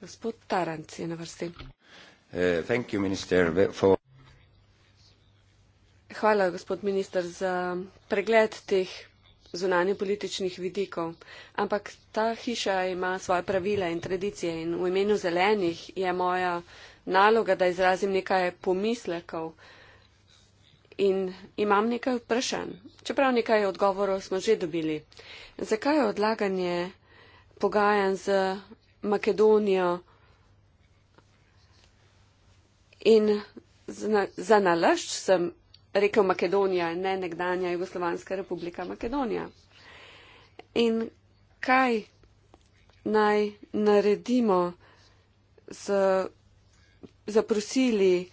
S3: Gospod Taranc je na vrsti.
S4: Uh, you, minister, for...
S3: Hvala, gospod minister, za pregled teh zunanjepolitičnih vidikov. Ampak ta hiša ima svoje pravile in tradicije in v imenu zelenih je moja naloga, da izrazim nekaj pomislekov. In imam nekaj vprašanj, čeprav nekaj odgovorov smo že dobili. Zakaj je odlaganje pogajan z Makedonijo in z na, za nalašč sem rekel Makedonija, ne nekdanja Jugoslovanska republika Makedonija. In kaj naj naredimo z zaprosili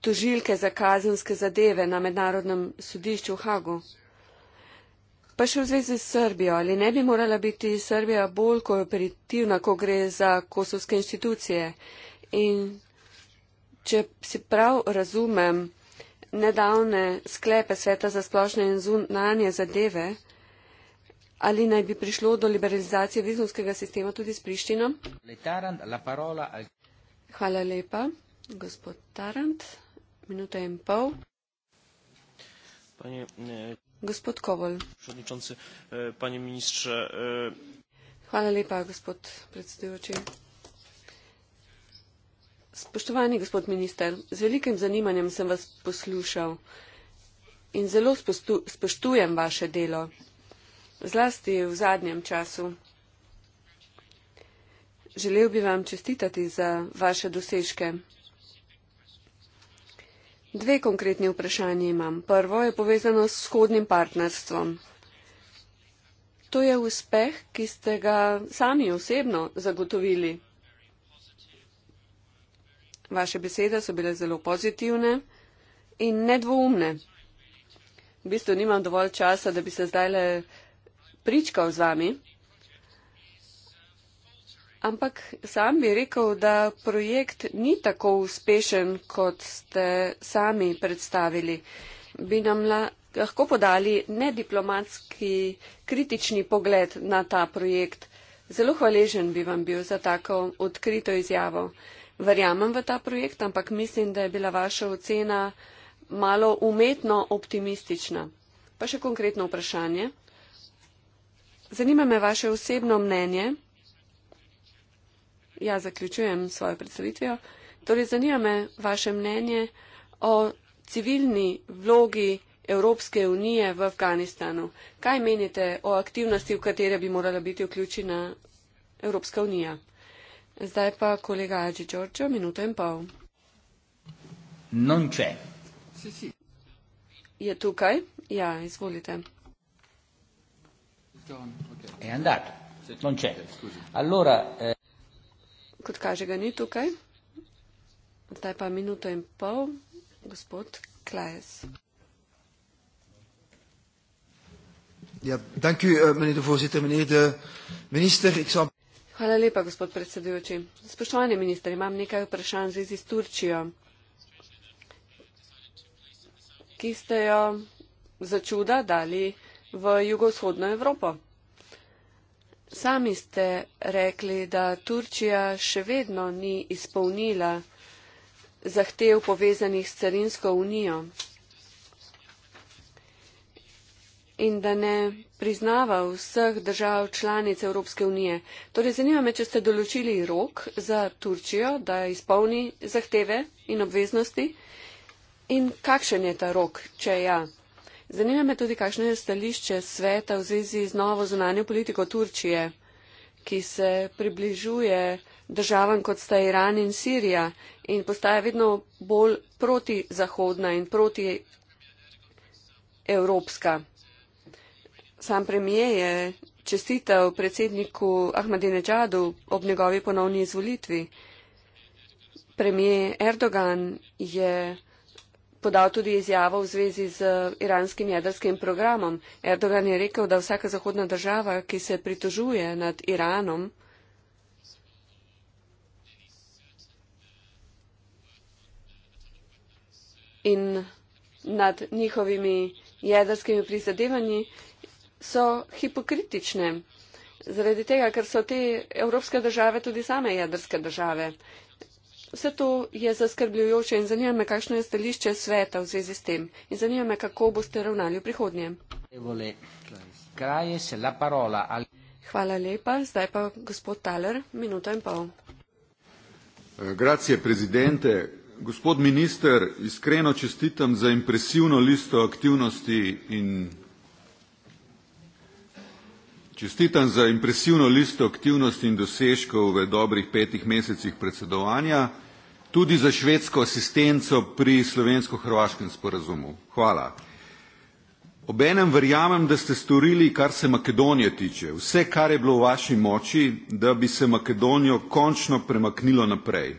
S3: tožilke za kazenske zadeve na mednarodnem sodišču v Hagu? Pa še v zvezi s Srbijo, ali ne bi morala biti Srbija bolj kooperativna, ko gre za kosovske institucije? In če si prav razumem, nedavne sklepe sveta za splošne in zunanje zadeve, ali naj bi prišlo do liberalizacije vizumskega sistema tudi s Prištino? Hvala lepa, gospod Tarant. Minuta in pol.
S4: Panie, ne,
S3: gospod Kovol.
S1: E, panie ministrze, e...
S3: Hvala lepa, gospod predsedujoči. Spoštovani gospod minister, z velikim zanimanjem sem vas poslušal in zelo spoštujem vaše delo, zlasti v zadnjem času. Želel bi vam čestitati za vaše dosežke. Dve konkretni vprašanje imam. Prvo je povezano s shodnim partnerstvom. To je uspeh, ki ste ga sami osebno zagotovili. Vaše besede so bile zelo pozitivne in nedvoumne. V bistvu nimam dovolj časa, da bi se zdaj le pričkal z vami. Ampak sam bi rekel, da projekt ni tako uspešen, kot ste sami predstavili. Bi nam lahko podali nediplomatski kritični pogled na ta projekt. Zelo hvaležen bi vam bil za tako odkrito izjavo verjamem v ta projekt, ampak mislim, da je bila vaša ocena malo umetno optimistična. Pa še konkretno vprašanje. Zanima me vaše osebno mnenje. Ja, zaključujem svojo predstavitvijo. Torej, zanima me vaše mnenje o civilni vlogi Evropske unije v Afganistanu. Kaj menite o aktivnosti, v katere bi morala biti vključena Evropska unija? Zdaj pa kolega Aži Đorđo, minuto in pol.
S4: Non c'è.
S3: Si, si. Je tukaj? Ja, izvolite.
S5: Okay. È andato. Non
S1: c'è. Allora,
S4: eh...
S3: Kot kaže, ga ni tukaj. Zdaj pa minuto in pol, gospod Klajes.
S4: Ja, dank u, eh, meneer de voorzitter, meneer de minister. Ik zal...
S3: Hvala lepa, gospod predsedujoči. Spoštovani minister, imam nekaj vprašanj v zvezi s Turčijo, ki ste jo začuda dali v jugovzhodno Evropo. Sami ste rekli, da Turčija še vedno ni izpolnila zahtev povezanih s carinsko unijo. in da ne priznava vseh držav članic Evropske unije. Torej, zanima me, če ste določili rok za Turčijo, da izpolni zahteve in obveznosti in kakšen je ta rok, če ja. Zanima me tudi, kakšno je stališče sveta v zvezi z novo zunanjo politiko Turčije, ki se približuje državam, kot sta Iran in Sirija in postaja vedno bolj protizahodna in proti evropska sam premije je čestital predsedniku Ahmadinejadu ob njegovi ponovni izvolitvi. Premije Erdogan je podal tudi izjavo v zvezi z iranskim jedrskim programom. Erdogan je rekel, da vsaka zahodna država, ki se pritožuje nad Iranom, in nad njihovimi jedrskimi prizadevanji, so hipokritične, zaradi tega, ker so te evropske države tudi same jedrske države. Vse to je zaskrbljujoče in zanima me, kakšno je stališče sveta v zvezi s tem in zanima me, kako boste ravnali v prihodnje. Hvala lepa. Zdaj pa gospod Taler, minuto in pol.
S5: Gracije, prezidente. Gospod minister, iskreno čestitam za impresivno listo aktivnosti in Čestitam za impresivno listo aktivnosti in dosežkov v dobrih petih mesecih predsedovanja, tudi za švedsko asistenco pri slovensko-hrvaškem sporazumu. Hvala. Obenem verjamem, da ste storili, kar se Makedonije tiče, vse, kar je bilo v vaši moči, da bi se Makedonijo končno premaknilo naprej,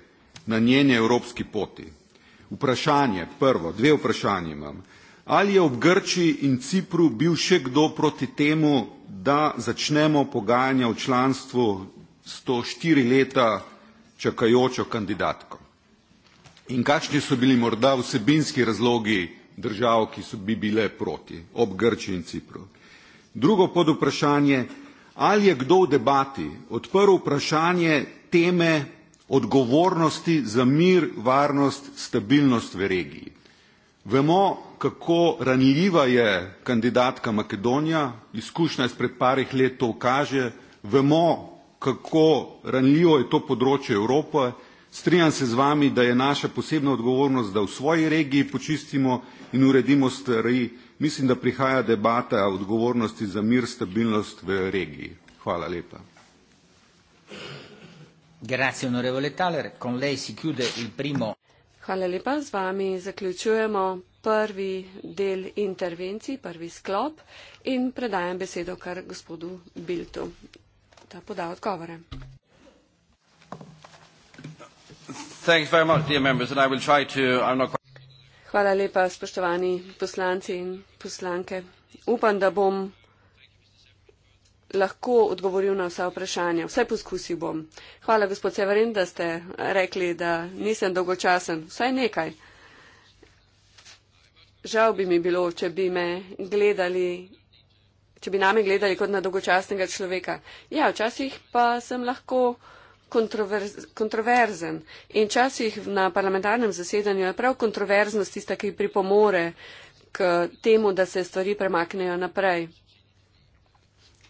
S5: na njeni evropski poti. Vprašanje, prvo, dve vprašanje imam. Ali je ob Grčiji in Cipru bil še kdo proti temu, da začnemo pogajanja v članstvu sto štiri leta čakajočo kandidatko. In kakšni so bili morda vsebinski razlogi držav, ki so bi bile proti, ob Grčiji in Cipru. Drugo podvprašanje, ali je kdo v debati odprl vprašanje teme odgovornosti za mir, varnost, stabilnost v regiji. Vemo, kako ranljiva je kandidatka Makedonija, izkušnja izpred parih let to kaže, vemo, kako ranljivo je to področje Evrope, strinjam se z vami, da je naša posebna odgovornost, da v svoji regiji počistimo in uredimo stvari, mislim, da prihaja debata o odgovornosti za mir, stabilnost v regiji. Hvala lepa.
S1: Grazie, onorevole Taler, con lei si chiude il primo.
S3: Hvala lepa, z vami zaključujemo prvi del intervencij, prvi sklop in predajam besedo kar gospodu Biltu, da poda odgovore. Hvala lepa, spoštovani poslanci in poslanke. Upam, da bom lahko odgovoril na vsa vprašanja. Vse poskusil bom. Hvala, gospod Severin, da ste rekli, da nisem dolgočasen. Vsaj nekaj. Žal bi mi bilo, če bi me gledali, če bi name gledali kot na dolgočasnega človeka. Ja, včasih pa sem lahko kontroverzen in včasih na parlamentarnem zasedanju je prav kontroverznost tista, ki pripomore k temu, da se stvari premaknejo naprej.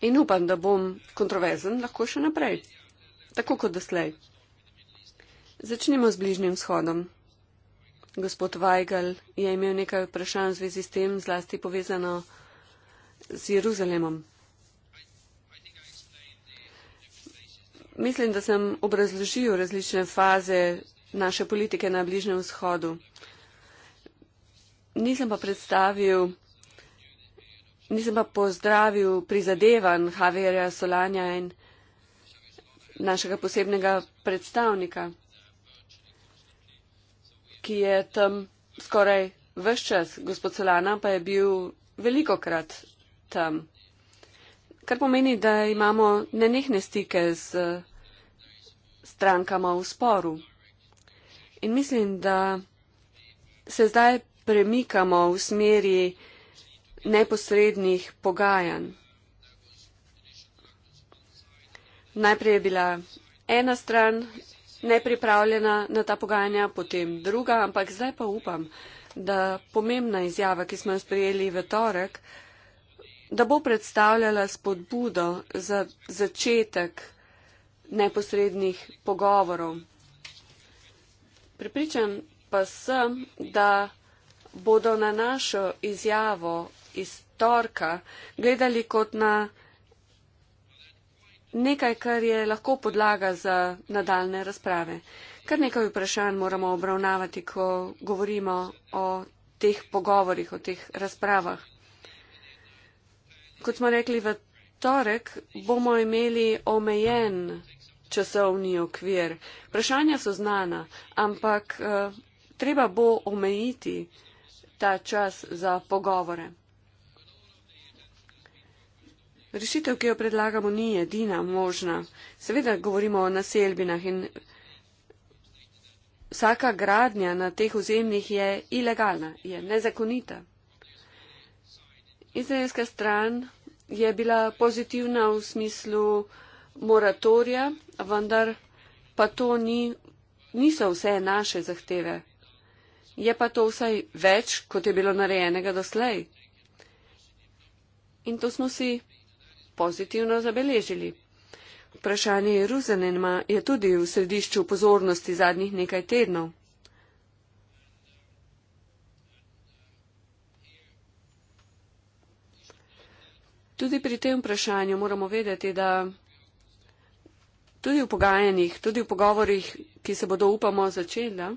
S3: In upam, da bom kontroverzen lahko še naprej, tako kot doslej. Začnimo s bližnjim shodom. Gospod Weigel je imel nekaj vprašanj v zvezi s tem, zlasti povezano z Jeruzalemom. Mislim, da sem obrazložil različne faze naše politike na Bližnem vzhodu. Nisem pa predstavil, nisem pa pozdravil prizadevan Haverja Solanja in našega posebnega predstavnika ki je tam skoraj vse čas, gospod Solana pa je bil veliko krat tam. Kar pomeni, da imamo nenehne stike z eh, strankama v sporu. In mislim, da se zdaj premikamo v smeri neposrednih pogajanj. Najprej je bila ena stran nepripravljena na ta pogajanja, potem druga, ampak zdaj pa upam, da pomembna izjava, ki smo jo sprejeli v torek, da bo predstavljala spodbudo za začetek neposrednih pogovorov. Pripričan pa sem, da bodo na našo izjavo iz torka gledali kot na nekaj, kar je lahko podlaga za nadaljne razprave. Kar nekaj vprašanj moramo obravnavati, ko govorimo o teh pogovorih, o teh razpravah. Kot smo rekli v torek, bomo imeli omejen časovni okvir. Vprašanja so znana, ampak uh, treba bo omejiti ta čas za pogovore. Rešitev, ki jo predlagamo, ni edina možna. Seveda govorimo o naselbinah in vsaka gradnja na teh ozemljih je ilegalna, je nezakonita. Izraelska stran je bila pozitivna v smislu moratorija, vendar pa to ni, niso vse naše zahteve. Je pa to vsaj več, kot je bilo narejenega doslej. In to smo si pozitivno zabeležili. Vprašanje Jeruzalema je tudi v središču pozornosti zadnjih nekaj tednov. Tudi pri tem vprašanju moramo vedeti, da tudi v pogajanjih, tudi v pogovorih, ki se bodo upamo začela,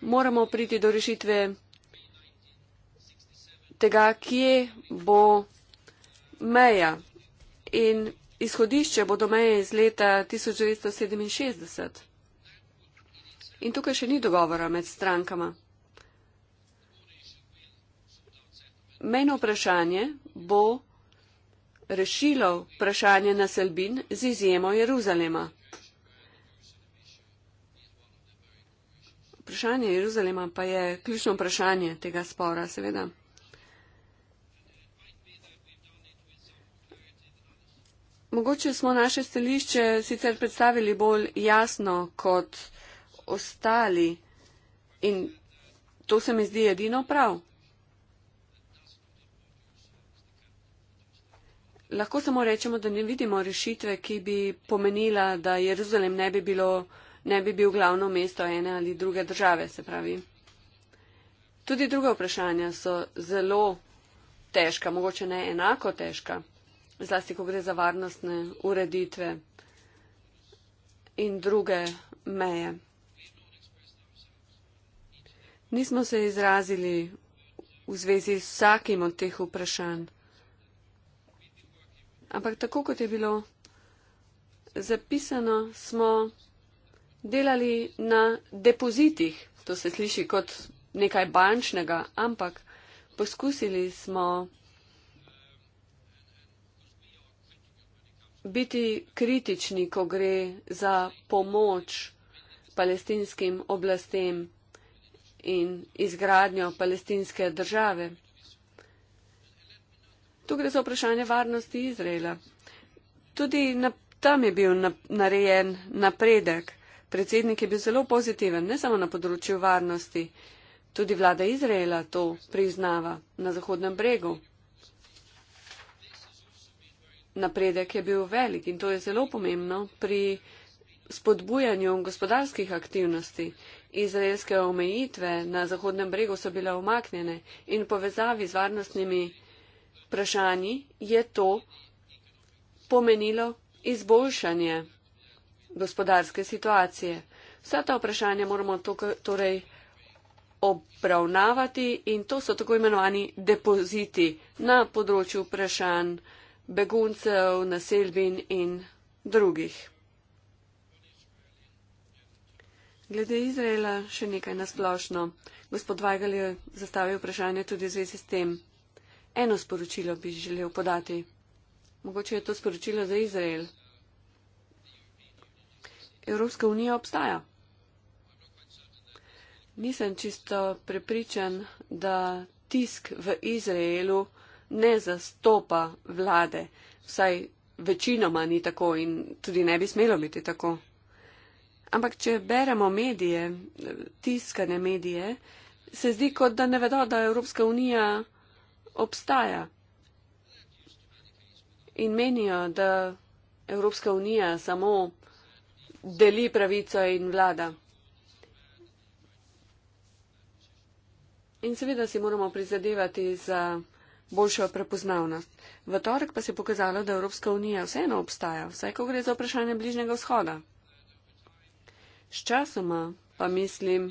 S3: moramo priti do rešitve tega, kje bo meja in izhodišče bodo meje iz leta 1967. In tukaj še ni dogovora med strankama. Mejno vprašanje bo rešilo vprašanje naselbin z izjemo Jeruzalema. Vprašanje Jeruzalema pa je ključno vprašanje tega spora, seveda. Mogoče smo naše stališče sicer predstavili bolj jasno kot ostali in to se mi zdi edino prav. Lahko samo rečemo, da ne vidimo rešitve, ki bi pomenila, da Jeruzalem ne bi, bilo, ne bi bil glavno mesto ene ali druge države, se pravi. Tudi druga vprašanja so zelo težka, mogoče ne enako težka zlasti, ko gre za varnostne ureditve in druge meje. Nismo se izrazili v zvezi z vsakim od teh vprašanj, ampak tako, kot je bilo zapisano, smo delali na depozitih. To se sliši kot nekaj bančnega, ampak poskusili smo biti kritični, ko gre za pomoč palestinskim oblastem in izgradnjo palestinske države. Tu gre za vprašanje varnosti Izraela. Tudi na, tam je bil na, narejen napredek. Predsednik je bil zelo pozitiven, ne samo na področju varnosti. Tudi vlada Izraela to priznava na Zahodnem bregu napredek je bil velik in to je zelo pomembno pri spodbujanju gospodarskih aktivnosti. Izraelske omejitve na Zahodnem bregu so bile omaknjene in povezavi z varnostnimi vprašanji je to pomenilo izboljšanje gospodarske situacije. Vsa ta vprašanja moramo torej obravnavati in to so tako imenovani depoziti na področju vprašanj beguncev, naselbin in drugih. Glede Izraela še nekaj nasplošno. Gospod Vajgal je zastavil vprašanje tudi v zvezi s tem. Eno sporočilo bi želel podati. Mogoče je to sporočilo za Izrael. Evropska unija obstaja. Nisem čisto prepričan, da tisk v Izraelu ne zastopa vlade. Vsaj večinoma ni tako in tudi ne bi smelo biti tako. Ampak, če beremo medije, tiskane medije, se zdi, kot da ne vedo, da Evropska unija obstaja. In menijo, da Evropska unija samo deli pravico in vlada. In seveda si moramo prizadevati za boljšo prepoznavnost. V torek pa se je pokazalo, da Evropska unija vseeno obstaja, vsaj ko gre za vprašanje Bližnjega vzhoda. Sčasoma pa mislim,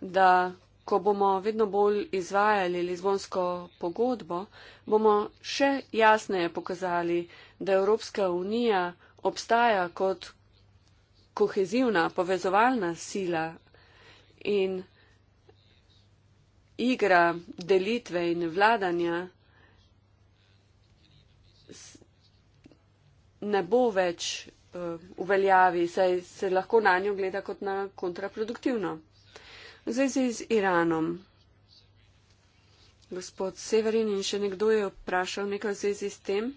S3: da ko bomo vedno bolj izvajali Lizbonsko pogodbo, bomo še jasneje pokazali, da Evropska unija obstaja kot kohezivna, povezovalna sila in igra delitve in vladanja. ne bo več uh, eh, uveljavi, saj se lahko na njo gleda kot na kontraproduktivno. Zdaj se z Iranom. Gospod Severin in še nekdo je vprašal nekaj v zvezi s tem.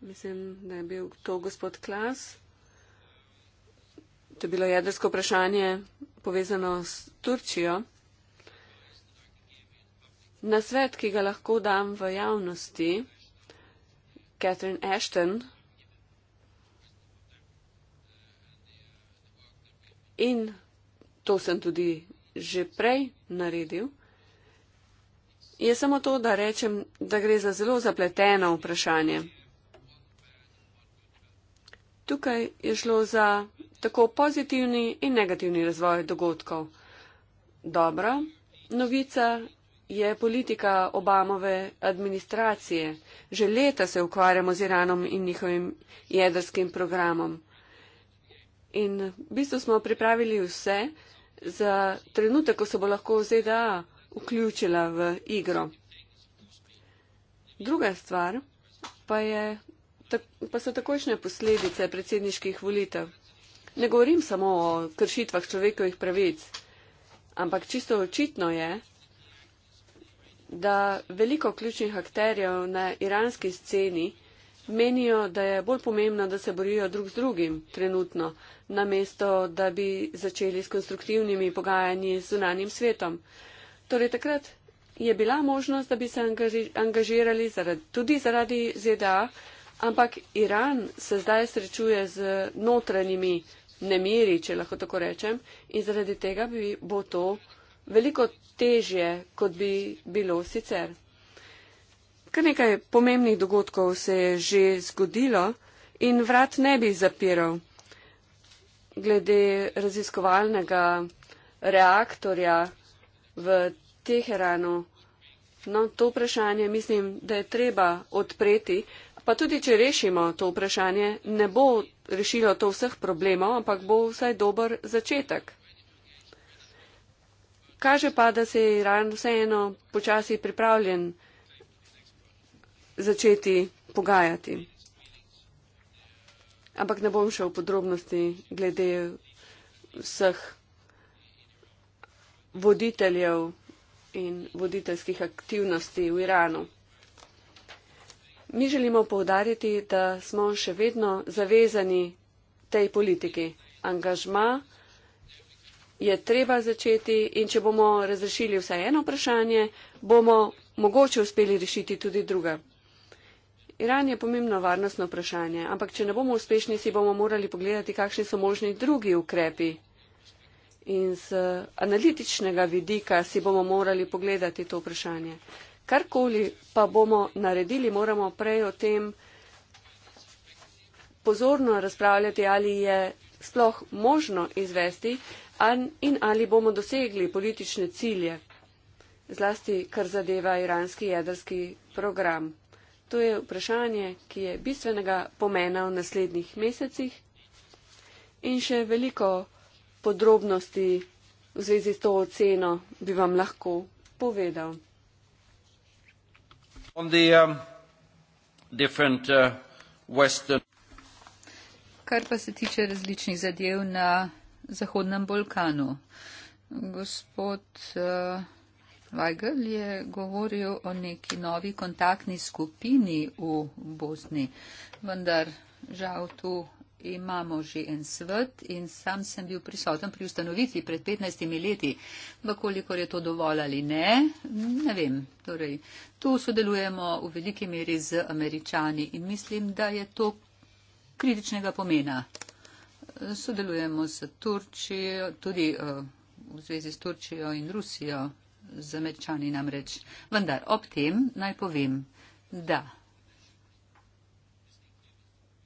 S3: Mislim, da je bil to gospod Klas. To je bilo jedrsko vprašanje povezano s Turčijo. Nasvet, ki ga lahko dam v javnosti, Catherine Ashton, In to sem tudi že prej naredil. Je samo to, da rečem, da gre za zelo zapleteno vprašanje. Tukaj je šlo za tako pozitivni in negativni razvoj dogodkov. Dobra novica je politika Obamove administracije. Že leta se ukvarjamo z Iranom in njihovim jedrskim programom. In v bistvu smo pripravili vse za trenutek, ko se bo lahko ZDA vključila v igro. Druga stvar pa, je, pa so takošne posledice predsedniških volitev. Ne govorim samo o kršitvah človekovih pravic, ampak čisto očitno je, da veliko ključnih akterjev na iranski sceni Menijo, da je bolj pomembno, da se borijo drug z drugim trenutno, namesto da bi začeli s konstruktivnimi pogajanji z zunanjim svetom. Torej takrat je bila možnost, da bi se angažirali zaradi, tudi zaradi ZDA, ampak Iran se zdaj srečuje z notranjimi nemiri, če lahko tako rečem, in zaradi tega bi bo to veliko težje, kot bi bilo sicer. Kar nekaj pomembnih dogodkov se je že zgodilo in vrat ne bi zapiral. Glede raziskovalnega reaktorja v Teheranu, no, to vprašanje mislim, da je treba odpreti, pa tudi če rešimo to vprašanje, ne bo rešilo to vseh problemov, ampak bo vsaj dober začetek. Kaže pa, da se je Iran vseeno počasi pripravljen začeti pogajati. Ampak ne bom šel v podrobnosti glede vseh voditeljev in voditeljskih aktivnosti v Iranu. Mi želimo povdariti, da smo še vedno zavezani tej politiki. Angažma je treba začeti in če bomo razrešili vsaj eno vprašanje, bomo mogoče uspeli rešiti tudi druga. Iran je pomembno varnostno vprašanje, ampak če ne bomo uspešni, si bomo morali pogledati, kakšni so možni drugi ukrepi. In z analitičnega vidika si bomo morali pogledati to vprašanje. Karkoli pa bomo naredili, moramo prej o tem pozorno razpravljati, ali je sploh možno izvesti in ali bomo dosegli politične cilje, zlasti kar zadeva iranski jedrski program. To je vprašanje, ki je bistvenega pomena v naslednjih mesecih in še veliko podrobnosti v zvezi s to oceno bi vam lahko povedal.
S4: The, um, uh, western...
S1: Kar pa se tiče različnih zadev na Zahodnem Balkanu. Gospod. Uh... Vajgel je govoril o neki novi kontaktni skupini v Bosni, vendar žal tu imamo že en svet in sam sem bil prisoten pri ustanovitvi pred 15 leti, vkolikor je to dovolj ali ne, ne vem. Torej, tu sodelujemo v veliki meri z američani in mislim, da je to kritičnega pomena. Sodelujemo z Turčijo, tudi eh, v zvezi s Turčijo in Rusijo zamečani namreč. Vendar ob tem naj povem, da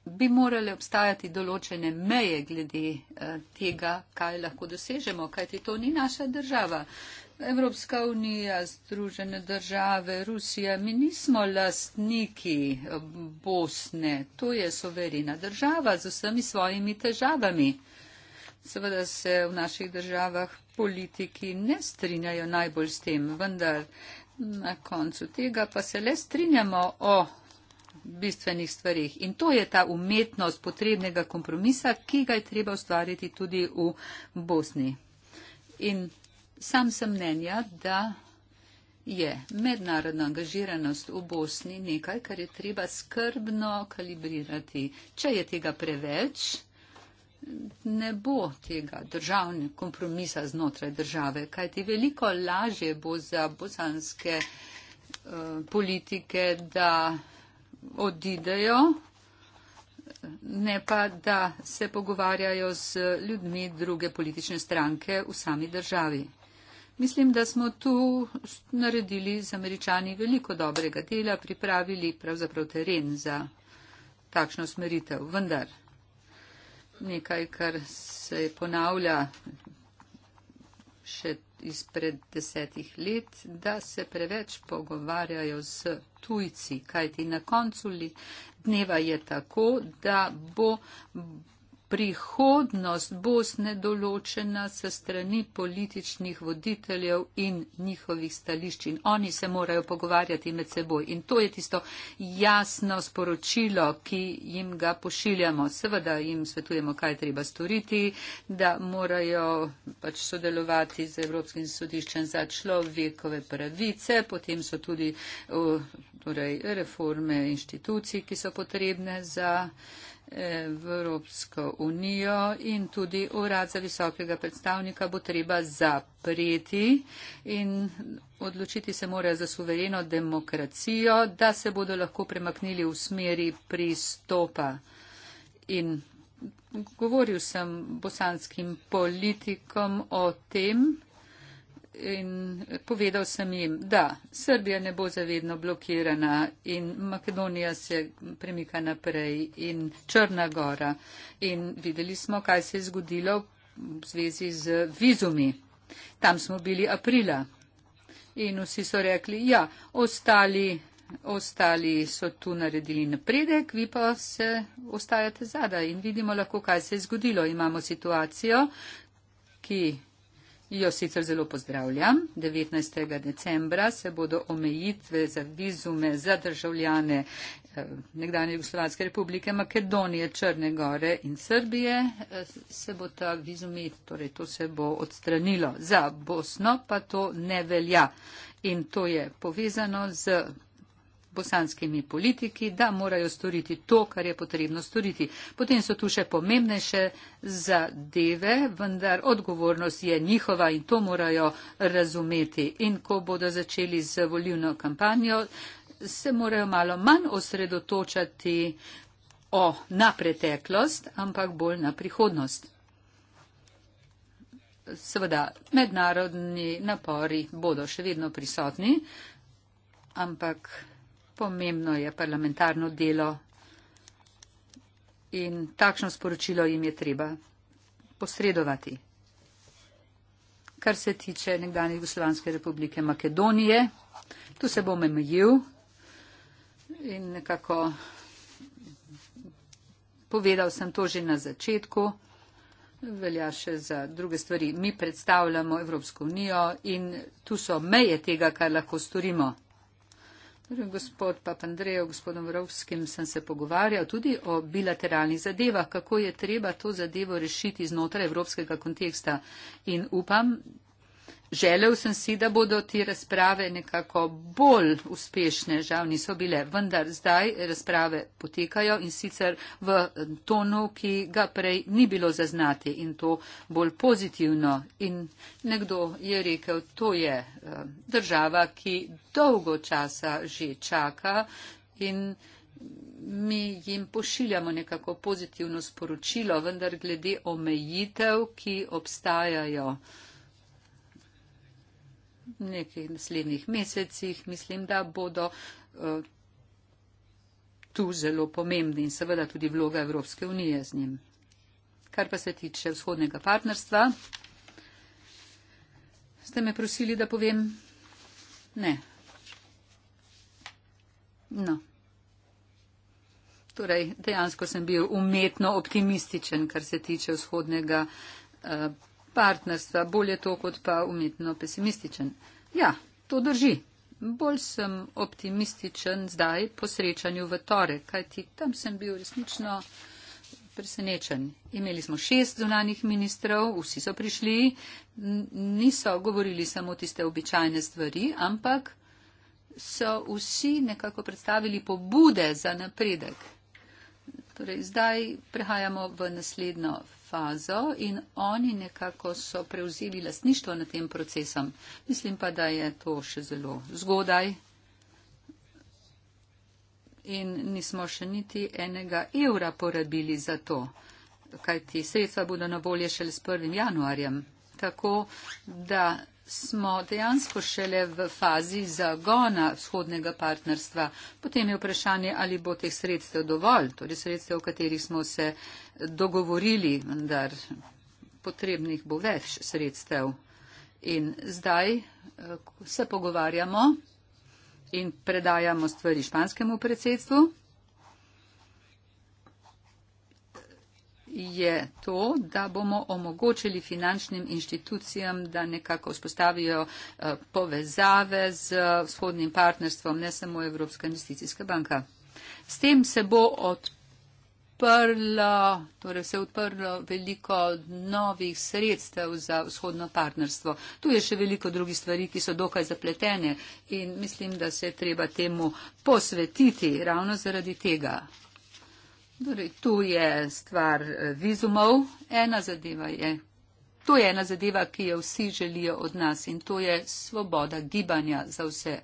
S1: bi morale obstajati določene meje glede eh, tega, kaj lahko dosežemo, kajti to ni naša država. Evropska unija, Združene države, Rusija, mi nismo lastniki eh, Bosne, to je soverina država z vsemi svojimi težavami. Seveda se v naših državah politiki ne strinjajo najbolj s tem, vendar na koncu tega pa se le strinjamo o bistvenih stvarih. In to je ta umetnost potrebnega kompromisa, ki ga je treba ustvariti tudi v Bosni. In sam sem mnenja, da je mednarodna angažiranost v Bosni nekaj, kar je treba skrbno kalibrirati. Če je tega preveč, ne bo tega državnega kompromisa znotraj države, kajti veliko lažje bo za bosanske uh, politike, da odidejo, ne pa da se pogovarjajo z ljudmi druge politične stranke v sami državi. Mislim, da smo tu naredili z američani veliko dobrega dela, pripravili pravzaprav teren za takšno smeritev, vendar nekaj, kar se ponavlja še izpred desetih let, da se preveč pogovarjajo s tujci, kajti na koncu dneva je tako, da bo prihodnost Bosne določena se strani političnih voditeljev in njihovih stališčin. Oni se morajo pogovarjati med seboj in to je tisto jasno sporočilo, ki jim ga pošiljamo. Seveda jim svetujemo, kaj treba storiti, da morajo pač sodelovati z Evropskim sodiščem za človekove pravice, potem so tudi uh, torej reforme inštitucij, ki so potrebne za. Evropsko unijo in tudi urad za visokega predstavnika bo treba zapreti in odločiti se mora za suvereno demokracijo, da se bodo lahko premaknili v smeri pristopa. In govoril sem bosanskim politikom o tem, in povedal sem jim, da Srbija ne bo zavedno blokirana in Makedonija se premika naprej in Črna gora. In videli smo, kaj se je zgodilo v zvezi z vizumi. Tam smo bili aprila in vsi so rekli, ja, ostali, ostali so tu naredili napredek, vi pa se ostajate zada in vidimo lahko, kaj se je zgodilo. Imamo situacijo, ki Jo sicer zelo pozdravljam. 19. decembra se bodo omejitve za vizume za državljane eh, nekdanje Jugoslovanske republike Makedonije, Črne Gore in Srbije, eh, se bo ta vizumi, torej to se bo odstranilo. Za Bosno pa to ne velja. In to je povezano z bosanskimi politiki, da morajo storiti to, kar je potrebno storiti. Potem so tu še pomembnejše zadeve, vendar odgovornost je njihova in to morajo razumeti. In ko bodo začeli z volivno kampanjo, se morajo malo manj osredotočati o, na preteklost, ampak bolj na prihodnost. Seveda, mednarodni napori bodo še vedno prisotni, ampak. Pomembno je parlamentarno delo in takšno sporočilo jim je treba posredovati. Kar se tiče nekdanje Jugoslavijske republike Makedonije, tu se bom emil in nekako povedal sem to že na začetku, velja še za druge stvari. Mi predstavljamo Evropsko unijo in tu so meje tega, kar lahko storimo. Torej, gospod Papandrejo, gospodom Vrovskim sem se pogovarjal tudi o bilateralnih zadevah, kako je treba to zadevo rešiti znotraj evropskega konteksta. In upam, Želel sem si, da bodo ti razprave nekako bolj uspešne, žal niso bile, vendar zdaj razprave potekajo in sicer v tonu, ki ga prej ni bilo zaznati in to bolj pozitivno. In nekdo je rekel, to je eh, država, ki dolgo časa že čaka in. Mi jim pošiljamo nekako pozitivno sporočilo, vendar glede omejitev, ki obstajajo nekih naslednjih mesecih, mislim, da bodo eh, tu zelo pomembni in seveda tudi vloga Evropske unije z njim. Kar pa se tiče vzhodnega partnerstva, ste me prosili, da povem ne. No. Torej, dejansko sem bil umetno optimističen, kar se tiče vzhodnega uh, partnerstva, bolje to, kot pa umetno pesimističen. Ja, to drži. Bolj sem optimističen zdaj po srečanju v torek, kajti tam sem bil resnično presenečen. Imeli smo šest zunanih ministrov, vsi so prišli, niso govorili samo tiste običajne stvari, ampak so vsi nekako predstavili pobude za napredek. Torej, zdaj prehajamo v naslednjo fazo in oni nekako so prevzeli lasništvo nad tem procesom. Mislim pa, da je to še zelo zgodaj in nismo še niti enega evra porabili za to, kajti sredstva bodo na volje šele s 1. januarjem. Tako da smo dejansko šele v fazi zagona vzhodnega partnerstva. Potem je vprašanje, ali bo teh sredstev dovolj, torej sredstev, o katerih smo se dogovorili, vendar potrebnih bo več sredstev. In zdaj eh, se pogovarjamo in predajamo stvari španskemu predsedstvu. je to, da bomo omogočili finančnim inštitucijam, da nekako vzpostavijo eh, povezave z vzhodnim partnerstvom, ne samo Evropska investicijska banka. S tem se bo odprlo, torej se odprlo veliko novih sredstev za vzhodno partnerstvo. Tu je še veliko drugih stvari, ki so dokaj zapletene in mislim, da se je treba temu posvetiti ravno zaradi tega. Torej, tu je stvar eh, vizumov, ena zadeva je. To je ena zadeva, ki jo vsi želijo od nas in to je svoboda gibanja za vse.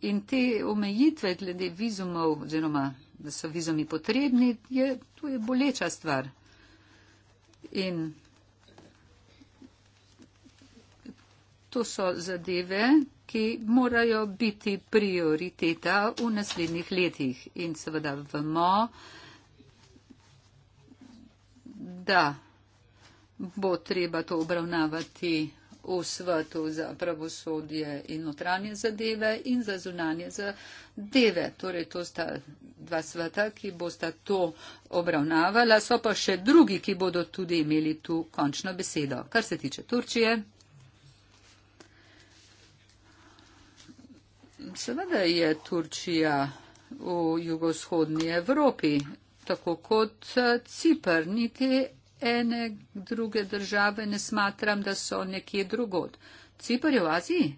S1: In te omejitve glede vizumov oziroma da so vizumi potrebni, je, to je boleča stvar. In to so zadeve, ki morajo biti prioriteta v naslednjih letih. In seveda vemo, uh, da bo treba to obravnavati v svetu za pravosodje in notranje zadeve in za zunanje zadeve. Torej, to sta dva sveta, ki bosta to obravnavala. So pa še drugi, ki bodo tudi imeli tu končno besedo. Kar se tiče Turčije. Seveda je Turčija v jugoshodni Evropi tako kot eh, Cipr, niti ene druge države ne smatram, da so nekje drugod. Cipr je v Aziji?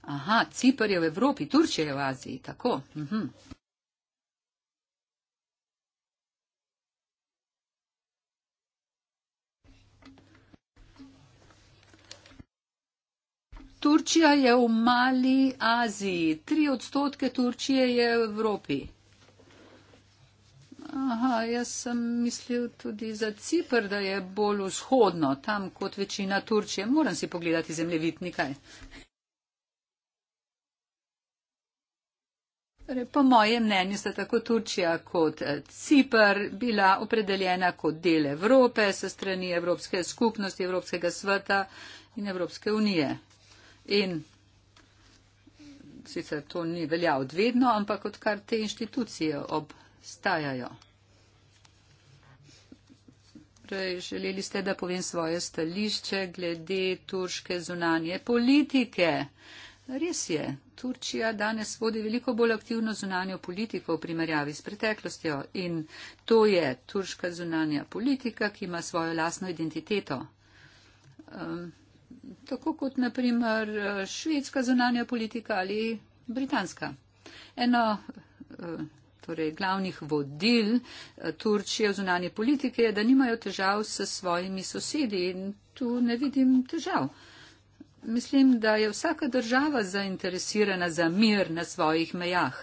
S1: Aha, Cipr je v Evropi, Turčija je v Aziji, tako. Uh mhm. -huh. Turčija je v Mali Aziji, tri odstotke Turčije je v Evropi. Aha, jaz sem mislil tudi za Cipr, da je bolj vzhodno tam kot večina Turčije. Moram si pogledati zemljevid nekaj. Torej, po mojem mnenju sta tako Turčija kot eh, Cipr bila opredeljena kot del Evrope se strani Evropske skupnosti, Evropskega sveta in Evropske unije. In sicer to ni veljav vedno, ampak odkar te inštitucije obstajajo. Prej želeli ste, da povem svoje stališče glede turške zunanje politike. Res je, Turčija danes vodi veliko bolj aktivno zunanjo politiko v primerjavi s preteklostjo in to je turška zunanja politika, ki ima svojo lasno identiteto. Um, tako kot naprimer švedska zunanja politika ali britanska. Eno, uh, torej glavnih vodil eh, Turčije v zunanje politike je, da nimajo težav s svojimi sosedi in tu ne vidim težav. Mislim, da je vsaka država zainteresirana za mir na svojih mejah.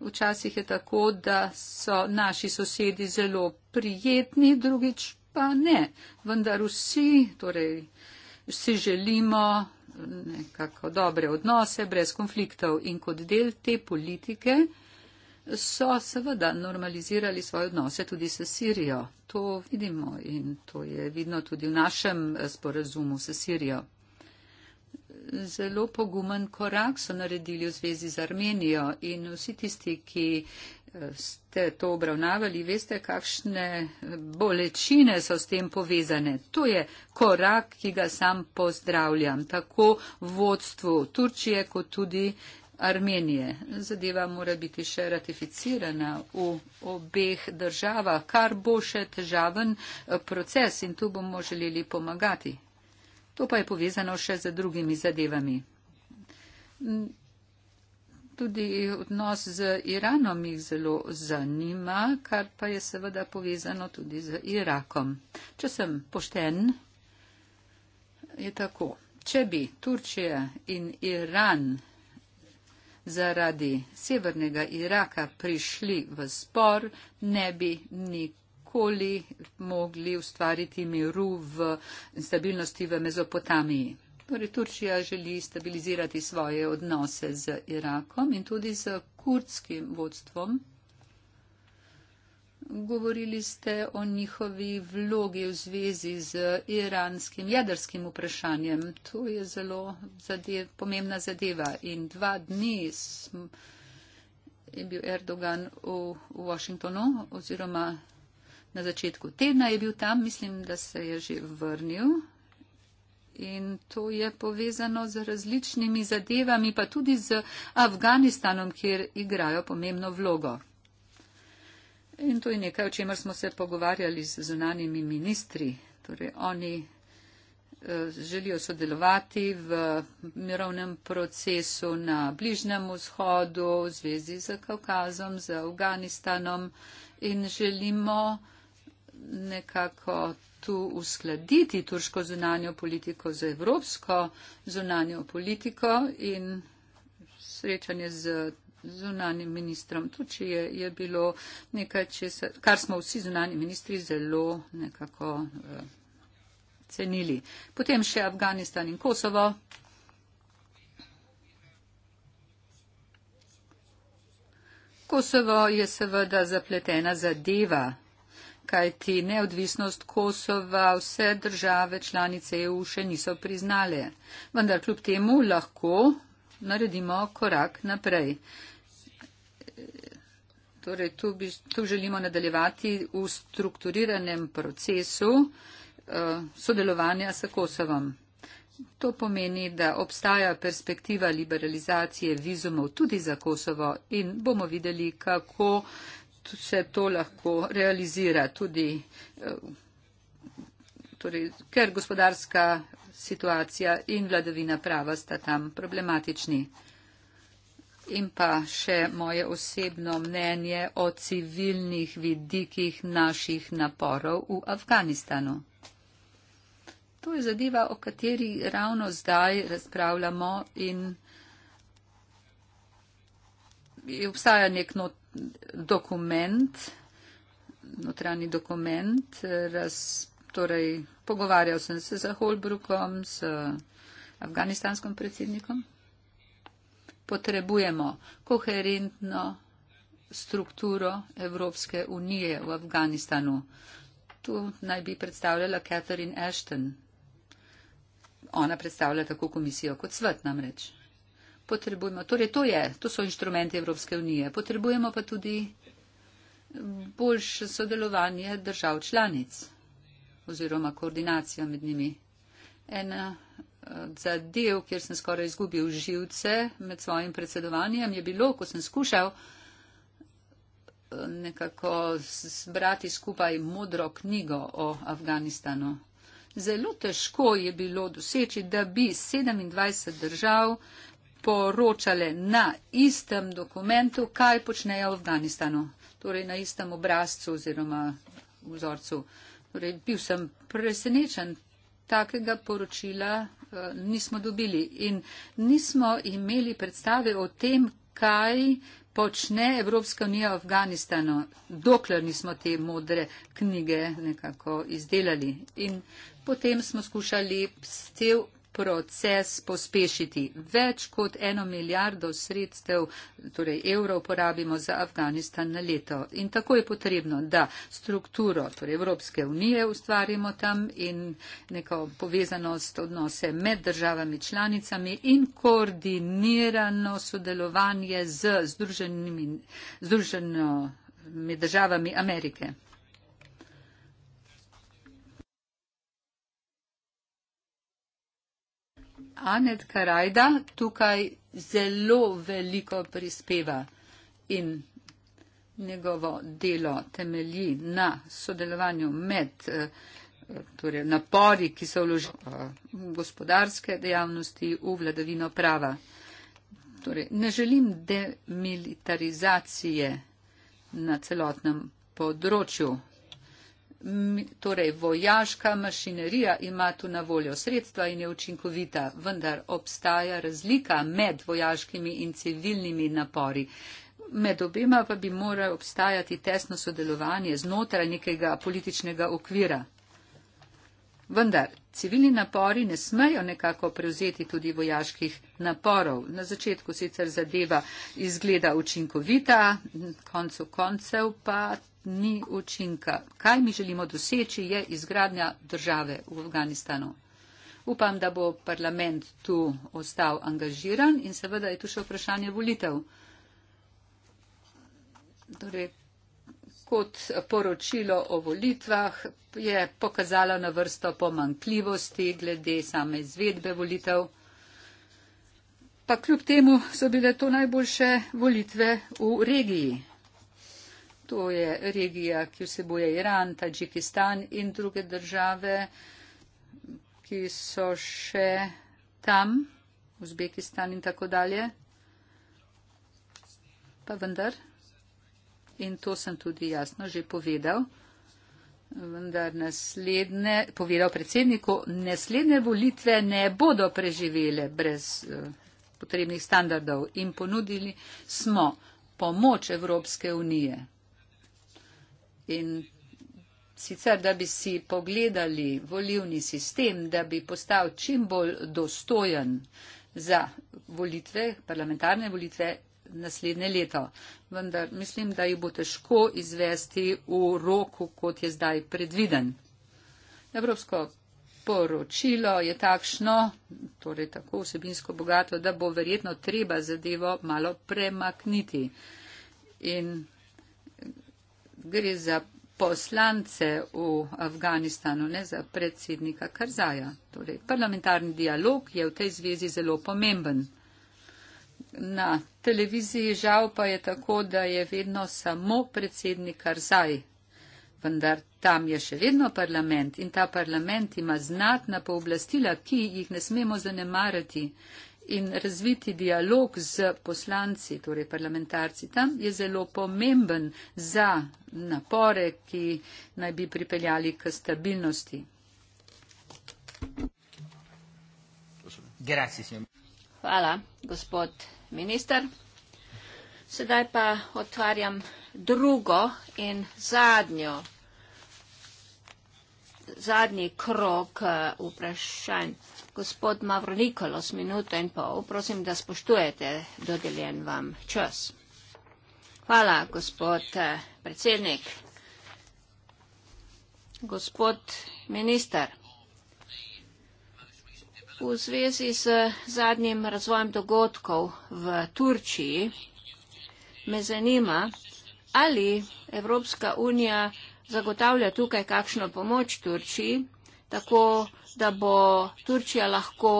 S1: Včasih je tako, da so naši sosedi zelo prijetni, drugič pa ne. Vendar vsi, torej vsi želimo eh, nekako dobre odnose, brez konfliktov in kot del te politike so seveda normalizirali svoje odnose tudi s Sirijo. To vidimo in to je vidno tudi v našem eh, sporazumu s Sirijo. Zelo pogumen korak so naredili v zvezi z Armenijo in vsi tisti, ki eh, ste to obravnavali, veste, kakšne eh, bolečine so s tem povezane. To je korak, ki ga sam pozdravljam, tako vodstvu Turčije, kot tudi eh, Armenije. Zadeva mora biti še ratificirana v obeh državah, kar bo še težaven eh, proces in tu bomo želeli pomagati. To pa je povezano še z drugimi zadevami. Tudi odnos z Iranom jih zelo zanima, kar pa je seveda povezano tudi z Irakom. Če sem pošten, je tako. Če bi Turčija in Iran zaradi severnega Iraka prišli v spor, ne bi nikoli mogli ustvariti miru v stabilnosti v Mezopotamiji. Torej, Turčija želi stabilizirati svoje odnose z Irakom in tudi z kurdskim vodstvom govorili ste o njihovi vlogi v zvezi z iranskim jedrskim vprašanjem. To je zelo zadev, pomembna zadeva. In dva dni je bil Erdogan v, v Washingtonu oziroma na začetku tedna je bil tam, mislim, da se je že vrnil. In to je povezano z različnimi zadevami, pa tudi z Afganistanom, kjer igrajo pomembno vlogo. In to je nekaj, o čemer smo se pogovarjali z zunanimi ministri. Torej, oni eh, želijo sodelovati v mirovnem procesu na Bližnem vzhodu, v zvezi z Kaukazom, z Afganistanom in želimo nekako tu uskladiti turško zunanjo politiko z evropsko zunanjo politiko in srečanje z zunanim ministrom. To, če je, je bilo nekaj, se, kar smo vsi zunani ministri zelo nekako uh, cenili. Potem še Afganistan in Kosovo. Kosovo je seveda zapletena zadeva, kajti neodvisnost Kosova vse države članice EU še niso priznale. Vendar kljub temu lahko naredimo korak naprej. Uh, Torej, tu, bi, tu želimo nadaljevati v strukturiranem procesu uh, sodelovanja s Kosovom. To pomeni, da obstaja perspektiva liberalizacije vizumov tudi za Kosovo in bomo videli, kako se to lahko realizira tudi, eh, torej, ker gospodarska situacija in vladavina prava sta tam problematični in pa še moje osebno mnenje o civilnih vidikih naših naporov v Afganistanu. To je zadeva, o kateri ravno zdaj razpravljamo in obstaja nek not, dokument, notranji dokument, raz, torej pogovarjal sem se z Holbrookom, z afganistanskim predsednikom potrebujemo koherentno strukturo Evropske unije v Afganistanu. Tu naj bi predstavljala Catherine Ashton. Ona predstavlja tako komisijo kot svet namreč. Potrebujemo, torej to je, to so inštrumenti Evropske unije. Potrebujemo pa tudi boljše sodelovanje držav članic oziroma koordinacijo med njimi. Ena zadev, kjer sem skoraj izgubil živce med svojim predsedovanjem, je bilo, ko sem skušal eh, nekako zbrati skupaj modro knjigo o Afganistanu. Zelo težko je bilo doseči, da bi 27 držav poročale na istem dokumentu, kaj počnejo v Afganistanu, torej na istem obrazcu oziroma vzorcu. Torej, bil sem presenečen takega poročila Eh, nismo dobili in nismo imeli predstave o tem, kaj počne Evropska unija v Afganistanu, dokler nismo te modre knjige nekako izdelali. In potem smo skušali cel proces pospešiti. Več kot eno milijardo sredstev, torej evrov, porabimo za Afganistan na leto. In tako je potrebno, da strukturo torej Evropske unije ustvarimo tam in neko povezanost odnose med državami članicami in koordinirano sodelovanje z združenimi, združeno med državami Amerike. Anet Karajda tukaj zelo veliko prispeva in njegovo delo temelji na sodelovanju med eh, torej napori, ki so vloženi v eh, gospodarske dejavnosti, v vladavino prava. Torej, ne želim demilitarizacije na celotnem področju torej vojaška mašinerija ima tu na voljo sredstva in je učinkovita, vendar obstaja razlika med vojaškimi in civilnimi napori. Med obema pa bi moralo obstajati tesno sodelovanje znotraj nekega političnega okvira. Vendar civilni napori ne smejo nekako prevzeti tudi vojaških naporov. Na začetku sicer zadeva izgleda učinkovita, koncu koncev pa ni učinka. Kaj mi želimo doseči, je izgradnja države v Afganistanu. Upam, da bo parlament tu ostal angažiran in seveda je tu še vprašanje volitev. Torej, kot poročilo o volitvah je pokazalo na vrsto pomankljivosti glede same izvedbe volitev. Pa kljub temu so bile to najboljše volitve v regiji. To je regija, ki vseboje Iran, Tadžikistan in druge države, ki so še tam, Uzbekistan in tako dalje. Pa vendar, in to sem tudi jasno že povedal, vendar naslednje, povedal predsedniku, naslednje volitve ne bodo preživele brez eh, potrebnih standardov in ponudili smo pomoč Evropske unije in sicer, da bi si pogledali volivni sistem, da bi postal čim bolj dostojen za volitve, parlamentarne volitve naslednje leto. Vendar mislim, da jih bo težko izvesti v roku, kot je zdaj predviden. Evropsko poročilo je takšno, torej tako vsebinsko bogato, da bo verjetno treba zadevo malo premakniti. In gre za poslance v Afganistanu, ne za predsednika Karzaja. Torej, parlamentarni dialog je v tej zvezi zelo pomemben. Na televiziji žal pa je tako, da je vedno samo predsednik Karzaj, vendar tam je še vedno parlament in ta parlament ima znatna pooblastila, ki jih ne smemo zanemarati in razviti dialog z poslanci, torej parlamentarci tam, je zelo pomemben za napore, ki naj bi pripeljali k stabilnosti.
S2: Hvala, gospod minister. Sedaj pa otvarjam drugo in zadnjo zadnji krok eh, vprašanj. Gospod Mavronikolos, minuto in pol, prosim, da spoštujete dodeljen vam čas. Hvala, gospod eh, predsednik. Gospod minister, v zvezi z zadnjim razvojem dogodkov v Turčiji me zanima, ali Evropska unija zagotavlja tukaj kakšno pomoč Turčiji, tako da bo Turčija lahko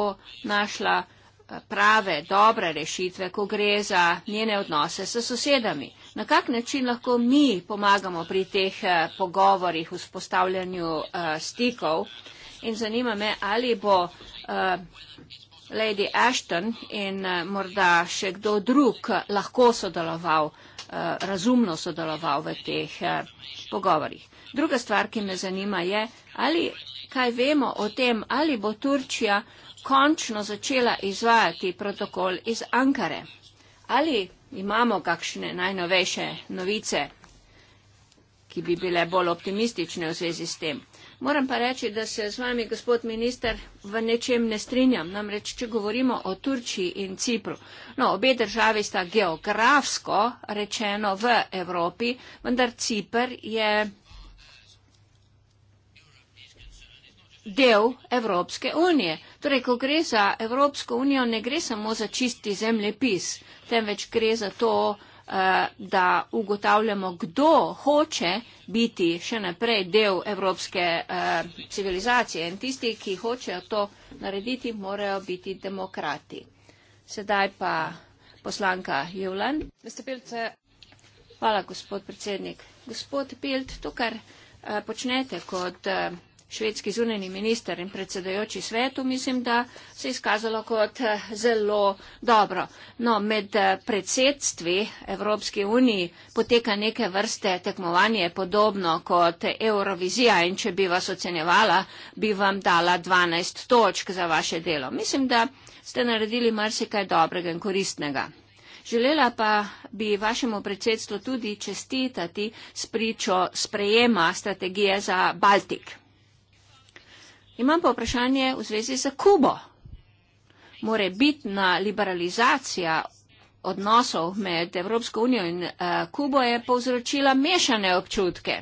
S2: našla eh, prave, dobre rešitve, ko gre za njene odnose s sosedami. Na kak način lahko mi pomagamo pri teh eh, pogovorjih, vzpostavljanju eh, stikov? In zanima me, ali bo Lady Ashton in morda še kdo drug lahko sodeloval Eh, razumno sodeloval v teh eh, pogovorjih. Druga stvar, ki me zanima, je, ali kaj vemo o tem, ali bo Turčija končno začela izvajati protokol iz Ankare. Ali imamo kakšne najnovejše novice, ki bi bile bolj optimistične v zvezi s tem? Moram pa reči, da se z vami, gospod minister, v nečem ne strinjam. Namreč, če govorimo o Turčiji in Cipru, no, obe državi sta geografsko rečeno v Evropi, vendar Cipr je del Evropske unije. Torej, ko gre za Evropsko unijo, ne gre samo za čisti zemljepis, temveč gre za to, Eh, da ugotavljamo, kdo hoče biti še naprej del evropske eh, civilizacije. In tisti, ki hočejo to narediti, morajo biti demokrati. Sedaj pa poslanka Julen. Eh, Hvala, gospod predsednik. Gospod Pilt, to, kar počnete kot švedski zunani minister in predsedajoči svetu, mislim, da se je izkazalo kot eh, zelo dobro. No, med eh, predsedstvi Evropske unije poteka neke vrste tekmovanje, podobno kot Eurovizija in če bi vas ocenjevala, bi vam dala 12 točk za vaše delo. Mislim, da ste naredili marsikaj dobrega in koristnega. Želela pa bi vašemu predsedstvu tudi čestitati spričo sprejema strategije za Baltik. Imam pa vprašanje v zvezi z Kubo. More bitna liberalizacija odnosov med Evropsko unijo in uh, Kubo je povzročila mešane občutke,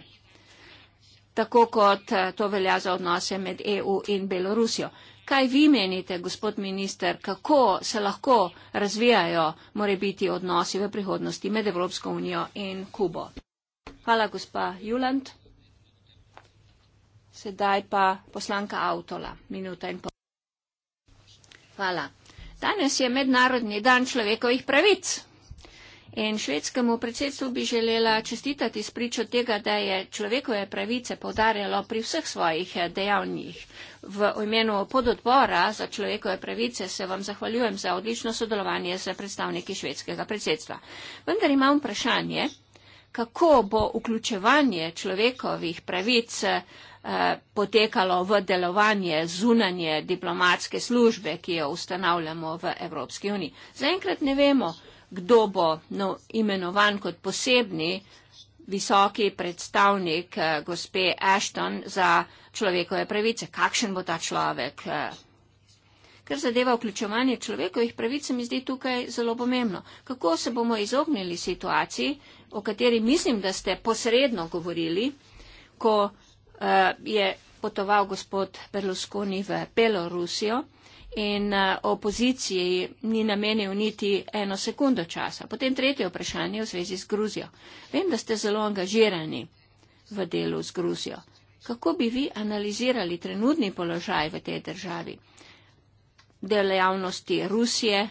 S2: tako kot uh, to velja za odnose med EU in Belorusijo. Kaj vi menite, gospod minister, kako se lahko razvijajo more biti odnosi v prihodnosti med Evropsko unijo in Kubo? Hvala, gospa Juland. Sedaj pa poslanka Avtola, minuta in pol. Hvala. Danes je mednarodni dan človekovih pravic. In švedskemu predsedstvu bi želela čestitati spričo tega, da je človekove pravice povdarjalo pri vseh svojih eh, dejavnjih. V imenu pododbora za človekove pravice se vam zahvaljujem za odlično sodelovanje z predstavniki švedskega predsedstva. Vendar imam vprašanje, kako bo vključevanje človekovih pravic uh, potekalo v delovanje zunanje diplomatske službe, ki jo ustanavljamo v Evropski uniji. Zaenkrat ne vemo, kdo bo no, imenovan kot posebni visoki predstavnik eh, gospe Ashton za človekove pravice. Kakšen bo ta človek? Eh? Ker zadeva vključevanje človekovih pravic, mi zdi tukaj zelo pomembno. Kako se bomo izognili situaciji, o kateri mislim, da ste posredno govorili, ko Eh, je potoval gospod Berlusconi v Belorusijo in eh, opoziciji ni namenil niti eno sekundo časa. Potem tretje vprašanje v zvezi z Gruzijo. Vem, da ste zelo angažirani v delu z Gruzijo. Kako bi vi analizirali trenutni položaj v tej državi, delejavnosti Rusije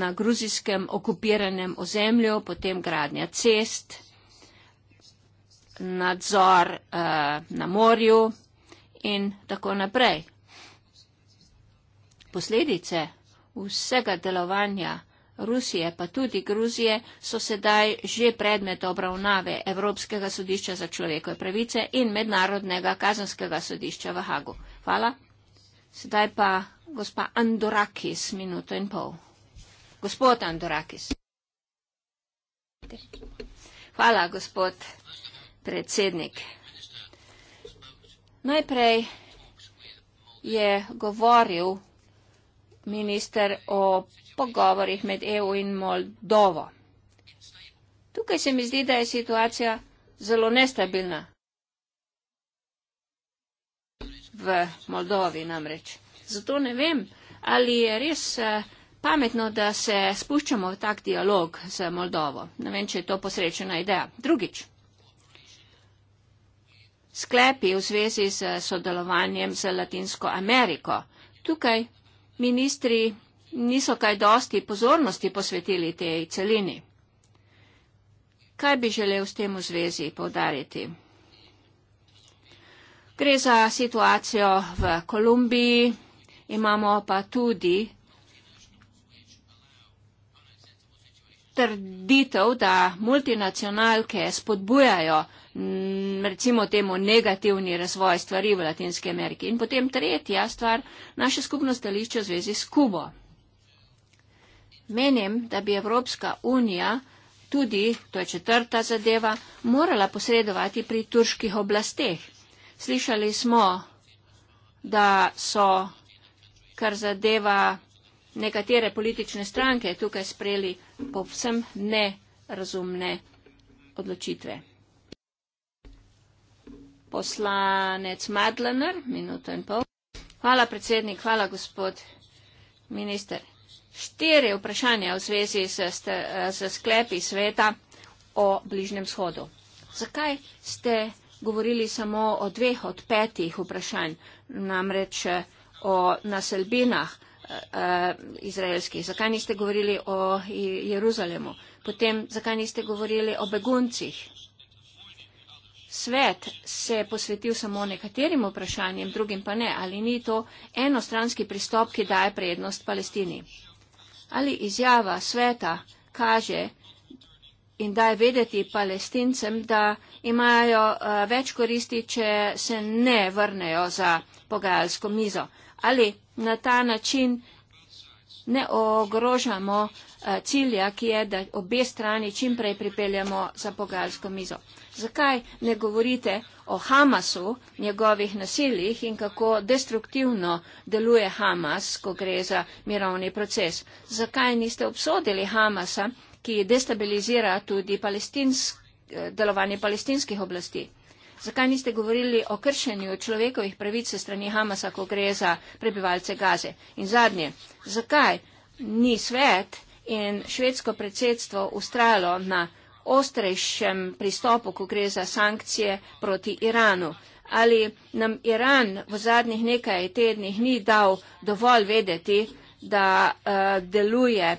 S2: na gruzijskem okupiranem ozemlju, potem gradnja cest? nadzor uh, na morju in tako naprej. Posledice vsega delovanja Rusije, pa tudi Gruzije, so sedaj že predmet obravnave Evropskega sodišča za človekove pravice in Mednarodnega kazanskega sodišča v Hagu. Hvala. Sedaj pa gospa Andorakis, minuto in pol. Gospod Andorakis. Hvala, gospod predsednik. Najprej je govoril minister o pogovorih med EU in Moldovo. Tukaj se mi zdi, da je situacija zelo nestabilna. V Moldovi namreč. Zato ne vem, ali je res eh, pametno, da se spuščamo v tak dialog z Moldovo. Ne vem, če je to posrečena ideja. Drugič sklepi v zvezi s sodelovanjem z Latinsko Ameriko. Tukaj ministri niso kaj dosti pozornosti posvetili tej celini. Kaj bi želel s tem v zvezi povdariti? Gre za situacijo v Kolumbiji, imamo pa tudi trditev, da multinacionalke spodbujajo Mm, recimo temu negativni razvoj stvari v Latinske Ameriki. In potem tretja stvar, naše skupno stališče v zvezi s Kubo. Menim, da bi Evropska unija tudi, to je četrta zadeva, morala posredovati pri turških oblasteh. Slišali smo, da so, kar zadeva nekatere politične stranke, tukaj sprejeli povsem nerazumne odločitve poslanec Madlener, minuto in pol. Hvala, predsednik, hvala, gospod minister. Štiri vprašanja v zvezi s, s sklepi sveta o Bližnem shodu. Zakaj ste govorili samo o dveh od petih vprašanj, namreč eh, o naselbinah eh, eh, izraelskih? Zakaj niste govorili o Jeruzalemu? Potem, zakaj niste govorili o beguncih? svet se posvetil samo nekaterim vprašanjem, drugim pa ne, ali ni to enostranski pristop, ki daje prednost Palestini. Ali izjava sveta kaže in daje vedeti palestincem, da imajo eh, več koristi, če se ne vrnejo za pogajalsko mizo. Ali na ta način ne ogrožamo eh, cilja, ki je, da obe strani čimprej pripeljamo za pogajalsko mizo zakaj ne govorite o Hamasu, njegovih nasiljih in kako destruktivno deluje Hamas, ko gre za mirovni proces? Zakaj niste obsodili Hamasa, ki destabilizira tudi palestinsk, eh, delovanje palestinskih oblasti? Zakaj niste govorili o kršenju človekovih pravic strani Hamasa, ko gre za prebivalce Gaze? In zadnje, zakaj ni svet in švedsko predsedstvo ustralo na ostrejšem pristopu, ko gre za sankcije proti Iranu. Ali nam Iran v zadnjih nekaj tednih ni dal dovolj vedeti, da uh, deluje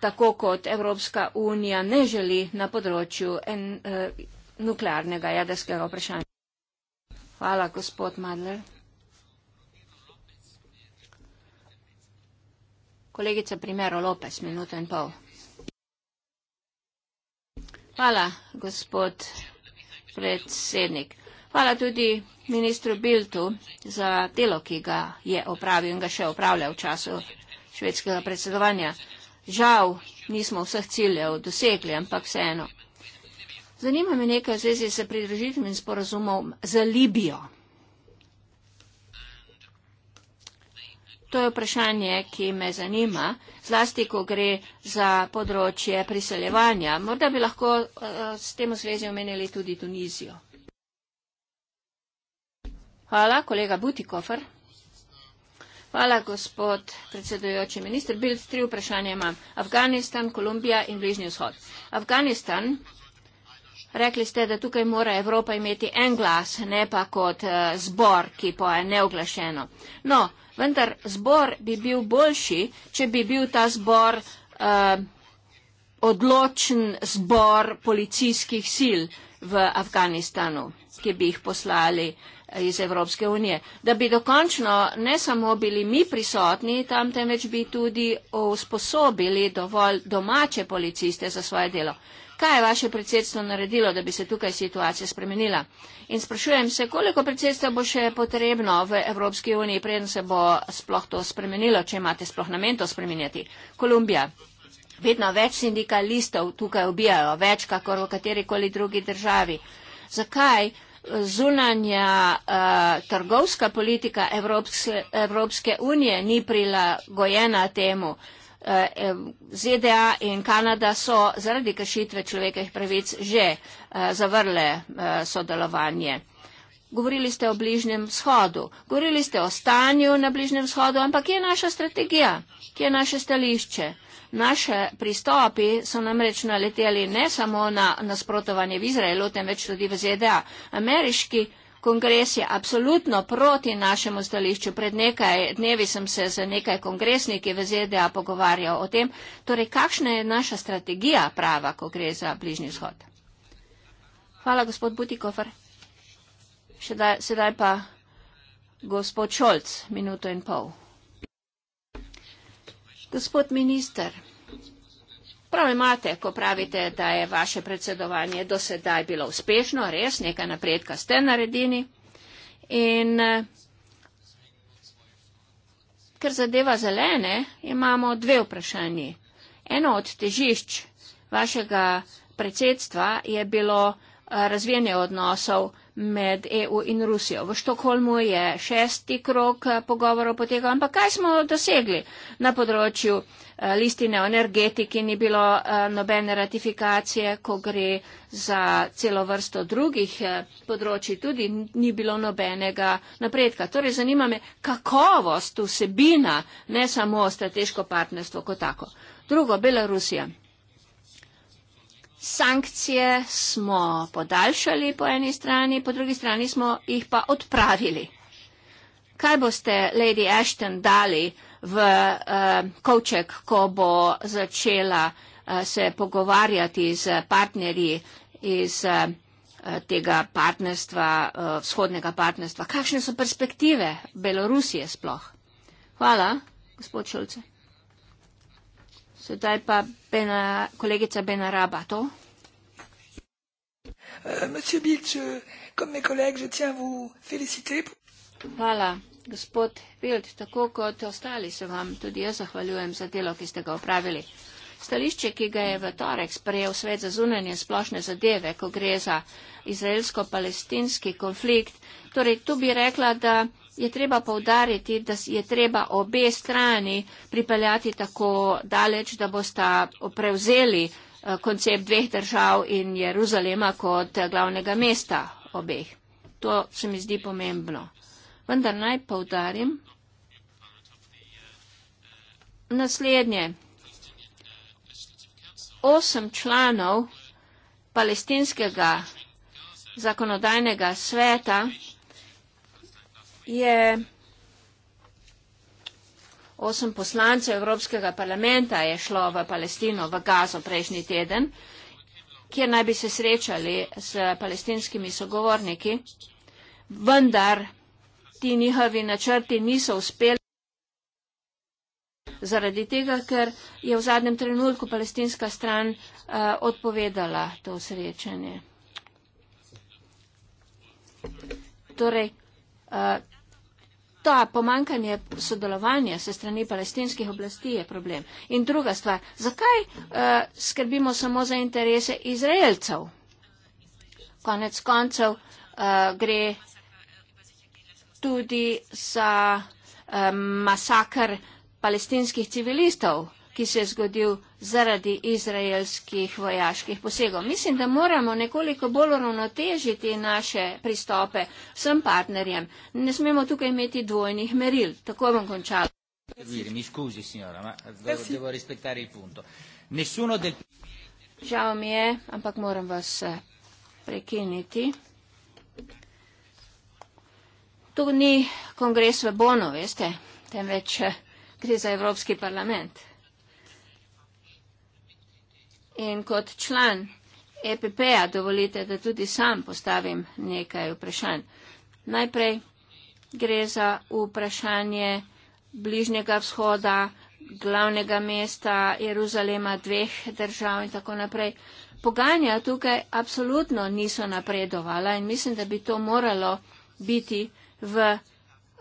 S2: tako, kot Evropska unija ne želi na področju en, uh, nuklearnega jedrskega vprašanja. Hvala, gospod Madler. Kolegica Primero Lopez, minuto in pol. Hvala, gospod predsednik. Hvala tudi ministru Biltu za delo, ki ga je opravil in ga še opravlja v času švedskega predsedovanja. Žal nismo vseh ciljev dosegli, ampak vseeno. Zanima me nekaj v zvezi s pridružitvim sporazumom za Libijo. To je vprašanje, ki me zanima, zlasti, ko gre za področje priseljevanja. Morda bi lahko uh, s tem v zvezi omenili tudi Tunizijo. Hvala, kolega Butikofer. Hvala, gospod predsedujoči minister. Bil tri vprašanja imam. Afganistan, Kolumbija in Bližnji vzhod. Afganistan. Rekli ste, da tukaj mora Evropa imeti en glas, ne pa kot uh, zbor, ki poje neoglašeno. No, uh, vendar zbor bi bil boljši, če bi bil ta zbor uh, odločen zbor policijskih sil v Afganistanu, ki bi jih poslali eh, iz Evropske unije. Da bi dokončno ne samo bili mi prisotni tam, temveč bi tudi usposobili dovolj domače policiste za svoje delo. Kaj je vaše predsedstvo naredilo, da bi se tukaj situacija spremenila? In sprašujem se, koliko predsedstva bo še potrebno v Evropski uniji, preden se bo sploh to spremenilo, če imate sploh namen to spremenjati? Kolumbija. Vedno več sindikalistov tukaj ubijajo, več kakor v katerikoli drugi državi. Zakaj zunanja uh, trgovska politika Evropske, Evropske unije ni prilagojena temu? Uh, Eh, ZDA in Kanada so zaradi kršitve človekovih pravic že eh, zavrle eh, sodelovanje. Govorili ste o bližnjem shodu, govorili ste o stanju na bližnjem shodu, ampak kje je naša strategija, kje je naše stališče? Naše pristopi so namreč naleteli ne samo na nasprotovanje v Izraelu, temveč tudi v ZDA. Ameriški Kongres je absolutno proti našemu stališču. Pred nekaj dnevi sem se z nekaj kongresniki v ZDA pogovarjal o tem. Torej, kakšna je naša strategija prava, ko gre za bližnji vzhod? Hvala, gospod Butikofer. Sedaj, sedaj pa gospod Šolc, minuto in pol. Gospod minister, Prav imate, ko pravite, da je vaše predsedovanje do sedaj bilo uspešno, res nekaj napredka ste naredili. In eh, ker zadeva zelene, imamo dve vprašanji. Eno od težišč vašega predsedstva je bilo eh, razvijanje odnosov med EU in Rusijo. V Štokholmu je šesti krok eh, pogovorov potekal, ampak kaj smo dosegli na področju eh, listine o energetiki, ni bilo eh, nobene ratifikacije, ko gre za celo vrsto drugih področji, tudi ni bilo nobenega napredka. Torej, zanima me kakovost vsebina, ne samo strateško partnerstvo kot tako. Drugo, Belorusija sankcije smo podaljšali po eni strani, po drugi strani smo jih pa odpravili. Kaj boste, Lady Ashton, dali v uh, kovček, ko bo začela uh, se pogovarjati z partnerji iz uh, tega partnerstva, uh, vzhodnega partnerstva? Kakšne so perspektive Belorusije sploh? Hvala, gospod Šulce. Sedaj pa Bena, kolegica Bena Rabato. Euh, Hvala, gospod Vild, tako kot ostali se vam tudi jaz zahvaljujem za delo, ki ste ga opravili. Stališče, ki ga je v torek sprejel svet za zunanje splošne zadeve, ko gre za izraelsko-palestinski konflikt, torej tu bi rekla, da je treba povdariti, da je treba obe strani pripeljati tako daleč, da bosta prevzeli eh, koncept dveh držav in Jeruzalema kot glavnega mesta obeh. To se mi zdi pomembno. Vendar naj povdarim naslednje. Osem članov palestinskega zakonodajnega sveta je osem poslancev Evropskega parlamenta je šlo v Palestino, v Gazo prejšnji teden, kjer naj bi se srečali s palestinskimi sogovorniki, vendar ti njihovi načrti niso uspeli zaradi tega, ker je v zadnjem trenutku palestinska stran uh, odpovedala to srečanje. Torej, Eh, ta pomankanje sodelovanja se strani palestinskih oblasti je problem. In druga stvar, zakaj uh, skrbimo samo za interese Izraelcev? Konec koncev uh, gre tudi za uh, masakr palestinskih civilistov ki se je zgodil zaradi izraelskih vojaških posegov. Mislim, da moramo nekoliko bolj ravnotežiti naše pristope vsem partnerjem. Ne smemo tukaj imeti dvojnih meril. Tako bom končal. Eh, Žal mi je, ampak moram vas eh, prekiniti. To ni kongres v Bonu, veste, temveč eh, gre za Evropski parlament. In kot član EPP-a dovolite, da tudi sam postavim nekaj vprašanj. Najprej gre za vprašanje bližnjega vzhoda, glavnega mesta Jeruzalema, dveh držav in tako naprej. Poganja tukaj absolutno niso napredovala in mislim, da bi to moralo biti v uh,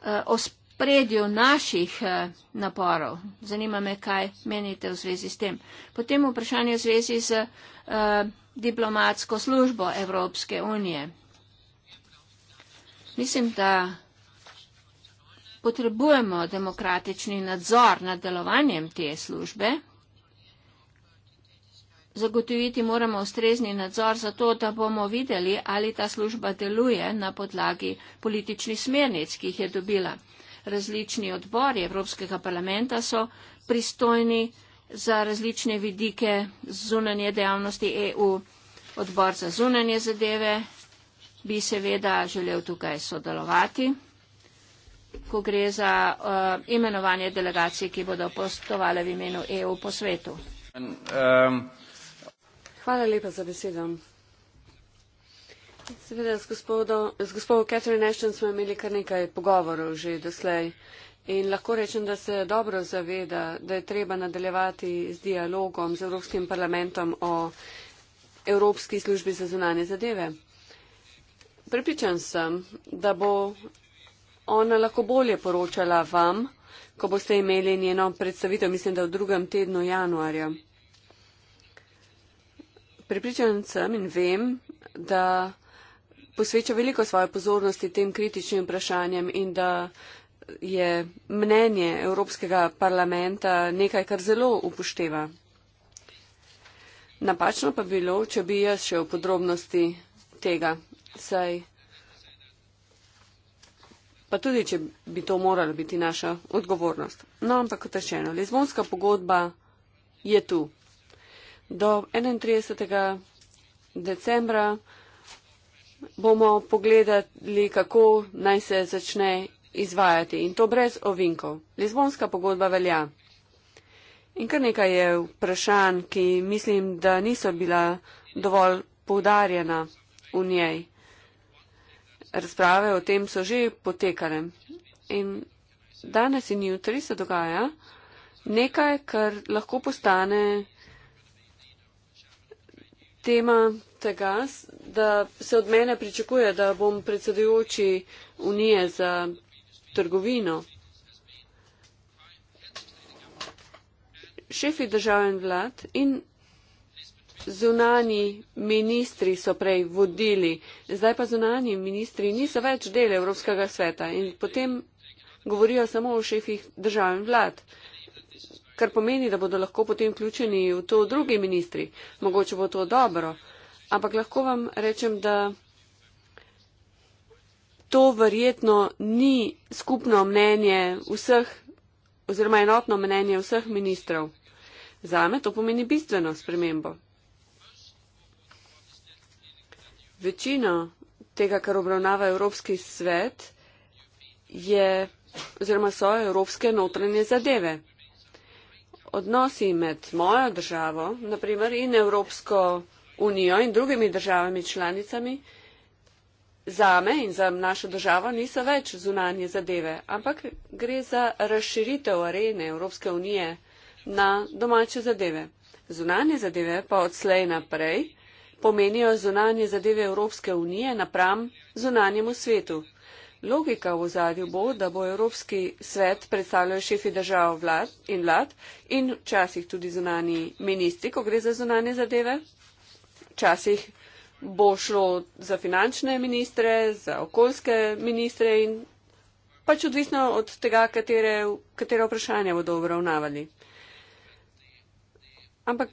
S2: eh, ospravljanju spredju naših eh, naporov. Zanima me, kaj menite v zvezi s tem. Potem vprašanje v zvezi z uh, diplomatsko službo Evropske unije. Mislim, da potrebujemo demokratični nadzor nad delovanjem te službe. Zagotoviti moramo ustrezni nadzor za to, da bomo videli, ali ta služba deluje na podlagi političnih smernic, ki jih je dobila različni odbori Evropskega parlamenta so pristojni za različne vidike zunanje dejavnosti EU. Odbor za zunanje zadeve bi seveda želel tukaj sodelovati, ko gre za uh, imenovanje delegacij, ki bodo postovale v imenu EU po svetu.
S4: Um,
S2: Hvala lepa za besedo.
S3: Seveda, z gospodo, z gospodo Catherine Ashton smo imeli kar nekaj pogovorov že doslej in lahko rečem, da se dobro zaveda, da je treba nadaljevati z dialogom z Evropskim parlamentom o Evropski službi za zunanje zadeve. Pripričan sem, da bo ona lahko bolje poročala vam, ko boste imeli njeno predstavitev, mislim, da v drugem tednu januarja. Pripričan sem in vem, da posveča veliko svoje pozornosti tem kritičnim vprašanjem in da je mnenje Evropskega parlamenta nekaj, kar zelo upošteva. Napačno pa bilo, če bi jaz še v podrobnosti tega, saj pa tudi, če bi to morala biti naša odgovornost. No, ampak kot rečeno, Lizbonska pogodba je tu. Do 31. decembra bomo pogledali, kako naj se začne izvajati in to brez ovinkov. Lizbonska pogodba velja. In kar nekaj je vprašanj, ki mislim, da niso bila dovolj poudarjena v njej. Razprave o tem so že potekale. In danes in jutri se dogaja nekaj, kar lahko postane tema tega, da se od mene pričakuje, da bom predsedujoči Unije za trgovino. Šefi držav in vlad in zunani ministri so prej vodili, zdaj pa zunani ministri niso več del Evropskega sveta in potem govorijo samo o šefih držav in vlad, kar pomeni, da bodo lahko potem vključeni v to drugi ministri. Mogoče bo to dobro ampak lahko vam rečem, da to verjetno ni skupno mnenje vseh oziroma enotno mnenje vseh ministrov. Zame to pomeni bistveno spremembo. Večino tega, kar obravnava Evropski svet, je oziroma so evropske notranje zadeve. Odnosi med mojo državo, naprimer, in Evropsko unijo in drugimi državami članicami zame in za našo državo niso več zunanje zadeve, ampak gre za razširitev arene Evropske unije na domače zadeve. Zunanje zadeve pa odslej naprej pomenijo zunanje zadeve Evropske unije napram zunanjemu svetu. Logika v zadju bo, da bo Evropski svet predstavljal šefi držav vlad in vlad in včasih tudi zunani ministri, ko gre za zunanje zadeve, včasih bo šlo za finančne ministre, za okoljske ministre in pač odvisno od tega, katere, katere vprašanja bodo obravnavali. Ampak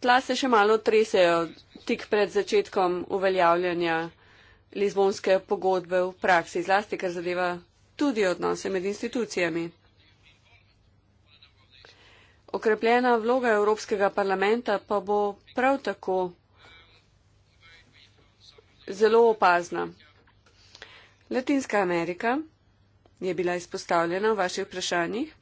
S3: tla se še malo tresejo tik pred začetkom uveljavljanja Lizbonske pogodbe v praksi, zlasti kar zadeva tudi odnose med institucijami. Okrepljena vloga Evropskega parlamenta pa bo prav tako zelo opazna. Latinska Amerika je bila izpostavljena v vaših vprašanjih.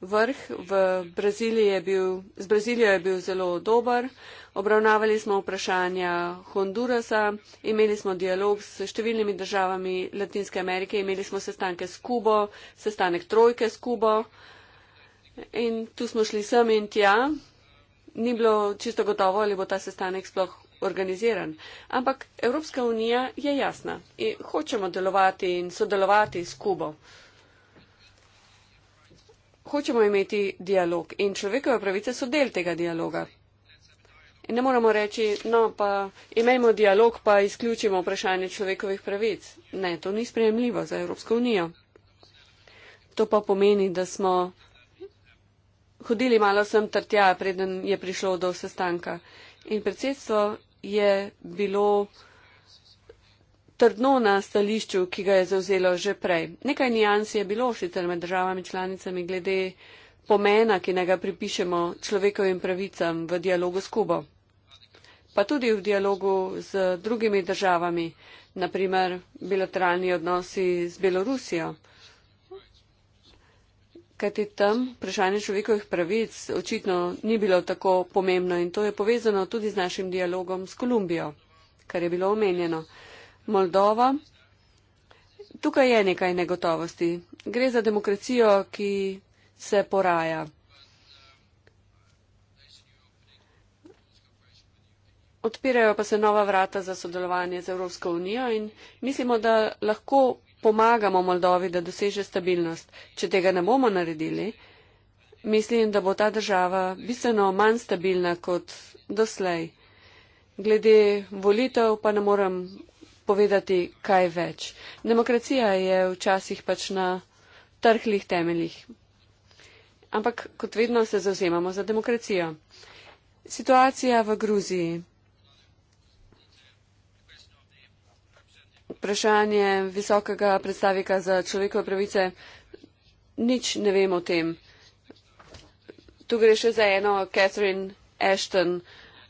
S3: Vrh v Braziliji je bil, z Brazilijo je bil zelo dober. Obravnavali smo vprašanja Hondurasa, imeli smo dialog s številnimi državami Latinske Amerike, imeli smo sestanke s Kubo, sestanek trojke s Kubo. In tu smo šli sem in tja. Ni bilo čisto gotovo, ali bo ta sestanek sploh organiziran. Ampak Evropska unija je jasna in hočemo delovati in sodelovati s Kubo. Hočemo imeti dialog in človekove pravice so del tega dialoga. In ne moramo reči, no pa imejmo dialog, pa izključimo vprašanje človekovih pravic. Ne, to ni sprejemljivo za Evropsko unijo. To pa pomeni, da smo hodili malo sem trtja, preden je prišlo do sestanka. In predsedstvo je bilo trdno na stališču, ki ga je zauzelo že prej. Nekaj nijans je bilo sicer med državami članicami glede pomena, ki ne ga pripišemo človekovim pravicam v dialogu s Kubo, pa tudi v dialogu z drugimi državami, naprimer bilateralni odnosi z Belorusijo kajti tam vprašanje človekovih pravic očitno ni bilo tako pomembno in to je povezano tudi z našim dialogom s Kolumbijo, kar je bilo omenjeno. Moldova. Tukaj je nekaj negotovosti. Gre za demokracijo, ki se poraja. Odpirajo pa se nova vrata za sodelovanje z Evropsko unijo in mislimo, da lahko pomagamo Moldovi, da doseže stabilnost. Če tega ne bomo naredili, mislim, da bo ta država bistveno manj stabilna kot doslej. Glede volitev pa ne morem povedati kaj več. Demokracija je včasih pač na trhlih temeljih. Ampak kot vedno se zauzemamo za demokracijo. Situacija v Gruziji. vprašanje visokega predstavnika za človekove pravice, nič ne vemo o tem. Tu gre še za eno Catherine Ashton,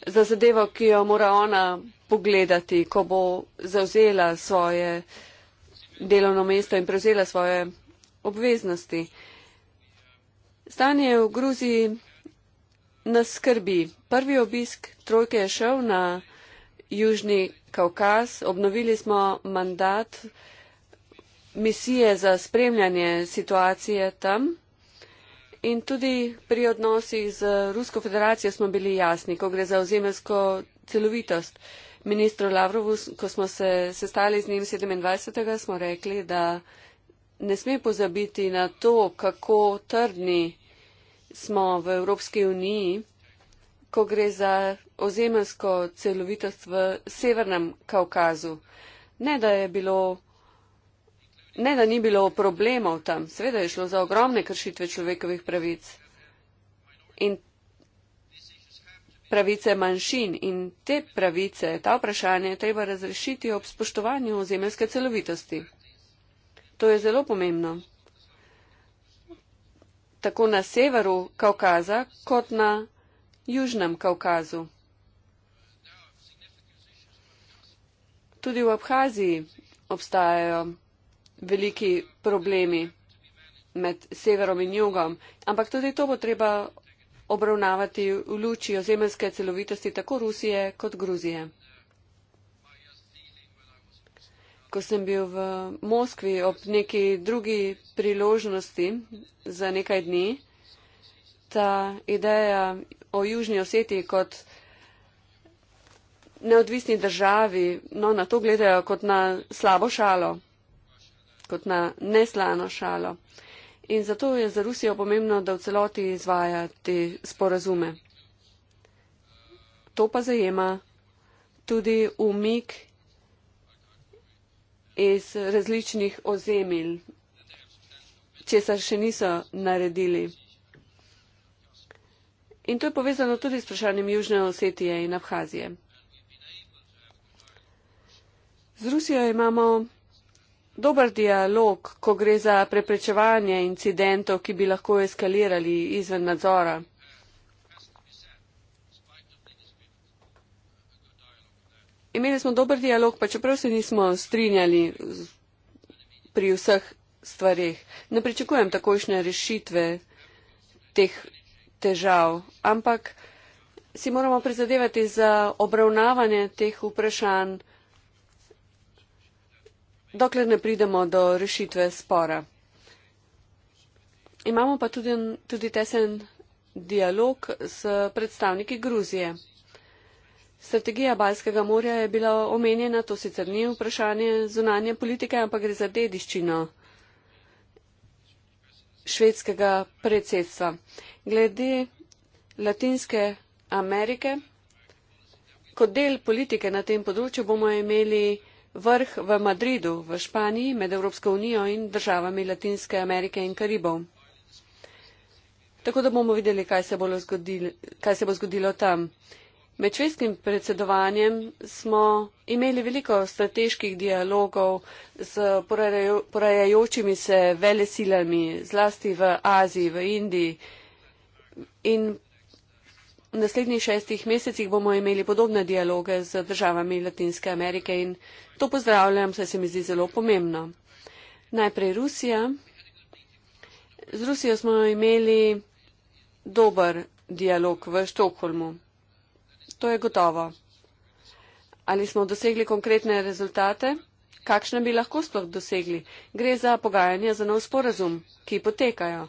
S3: za zadevo, ki jo mora ona pogledati, ko bo zauzela svoje delovno mesto in prevzela svoje obveznosti. Stanje v Gruziji nas skrbi. Prvi obisk trojke je šel na Južni Kaukaz. Obnovili smo mandat misije za spremljanje situacije tam. In tudi pri odnosih z Rusko federacijo smo bili jasni, ko gre za ozemelsko celovitost. Ministro Lavrovu, ko smo se sestali z njim 27. smo rekli, da ne sme pozabiti na to, kako trdni smo v Evropski uniji, ko gre za ozemelsko celovitost v Severnem Kaukazu. Ne da, bilo, ne, da ni bilo problemov tam, seveda je šlo za ogromne kršitve človekovih pravic in pravice manjšin in te pravice, ta vprašanja je treba razrešiti ob spoštovanju ozemelske celovitosti. To je zelo pomembno. Tako na severu Kaukaza, kot na južnem Kaukazu. Tudi v Abhaziji obstajajo veliki problemi med severom in jugom, ampak tudi to bo treba obravnavati v luči ozemeljske celovitosti tako Rusije kot Gruzije. Ko sem bil v Moskvi ob neki drugi priložnosti za nekaj dni, ta ideja o Južni Oseti kot neodvisni državi, no na to gledajo kot na slabo šalo, kot na neslano šalo. In zato je za Rusijo pomembno, da v celoti izvaja te sporazume. To pa zajema tudi umik iz različnih ozemelj, česar še niso naredili. In to je povezano tudi s vprašanjem Južne Osetije in Abhazije. Z Rusijo imamo dober dialog, ko gre za preprečevanje incidentov, ki bi lahko eskalirali izven nadzora. Imeli smo dober dialog, pa čeprav se nismo strinjali pri vseh stvarih. Ne pričakujem takošne rešitve teh težav, ampak si moramo prizadevati za obravnavanje teh vprašanj dokler ne pridemo do rešitve spora. Imamo pa tudi, tudi tesen dialog s predstavniki Gruzije. Strategija Balskega morja je bila omenjena, to sicer ni vprašanje zunanje politike, ampak gre za dediščino švedskega predsedstva. Glede Latinske Amerike, kot del politike na tem področju bomo imeli vrh v Madridu v Španiji med Evropsko unijo in državami Latinske Amerike in Karibov. Tako da bomo videli, kaj se, zgodil, kaj se bo zgodilo tam. Med švedskim predsedovanjem smo imeli veliko strateških dialogov z porajajočimi se velesilami, zlasti v Aziji, v Indiji. In V naslednjih šestih mesecih bomo imeli podobne dialoge z državami Latinske Amerike in to pozdravljam, saj se mi zdi zelo pomembno. Najprej Rusija. Z Rusijo smo imeli dober dialog v Štokholmu. To je gotovo. Ali smo dosegli konkretne rezultate? Kakšne bi lahko sploh dosegli? Gre za pogajanja za nov sporazum, ki potekajo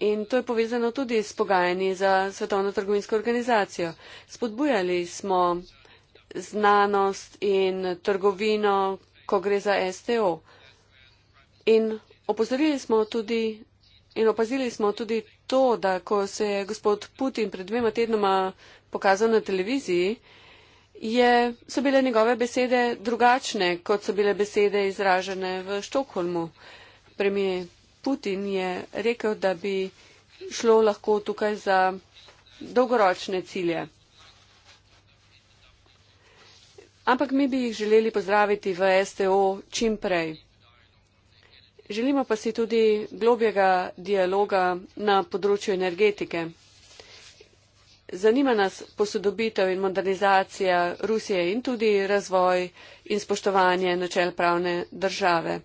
S3: in to je povezano tudi s pogajanji za Svetovno trgovinsko organizacijo. Spodbujali smo znanost in trgovino, ko gre za STO. In opozorili smo tudi in opazili smo tudi to, da ko se je gospod Putin pred dvema tednoma pokazal na televiziji, je, so bile njegove besede drugačne, kot so bile besede izražene v Štokholmu. Premijer Putin je rekel, da bi šlo lahko tukaj za dolgoročne cilje. Ampak mi bi jih želeli pozdraviti v STO čim prej. Želimo pa si tudi globjega dialoga na področju energetike. Zanima nas posodobitev in modernizacija Rusije in tudi razvoj in spoštovanje načel pravne države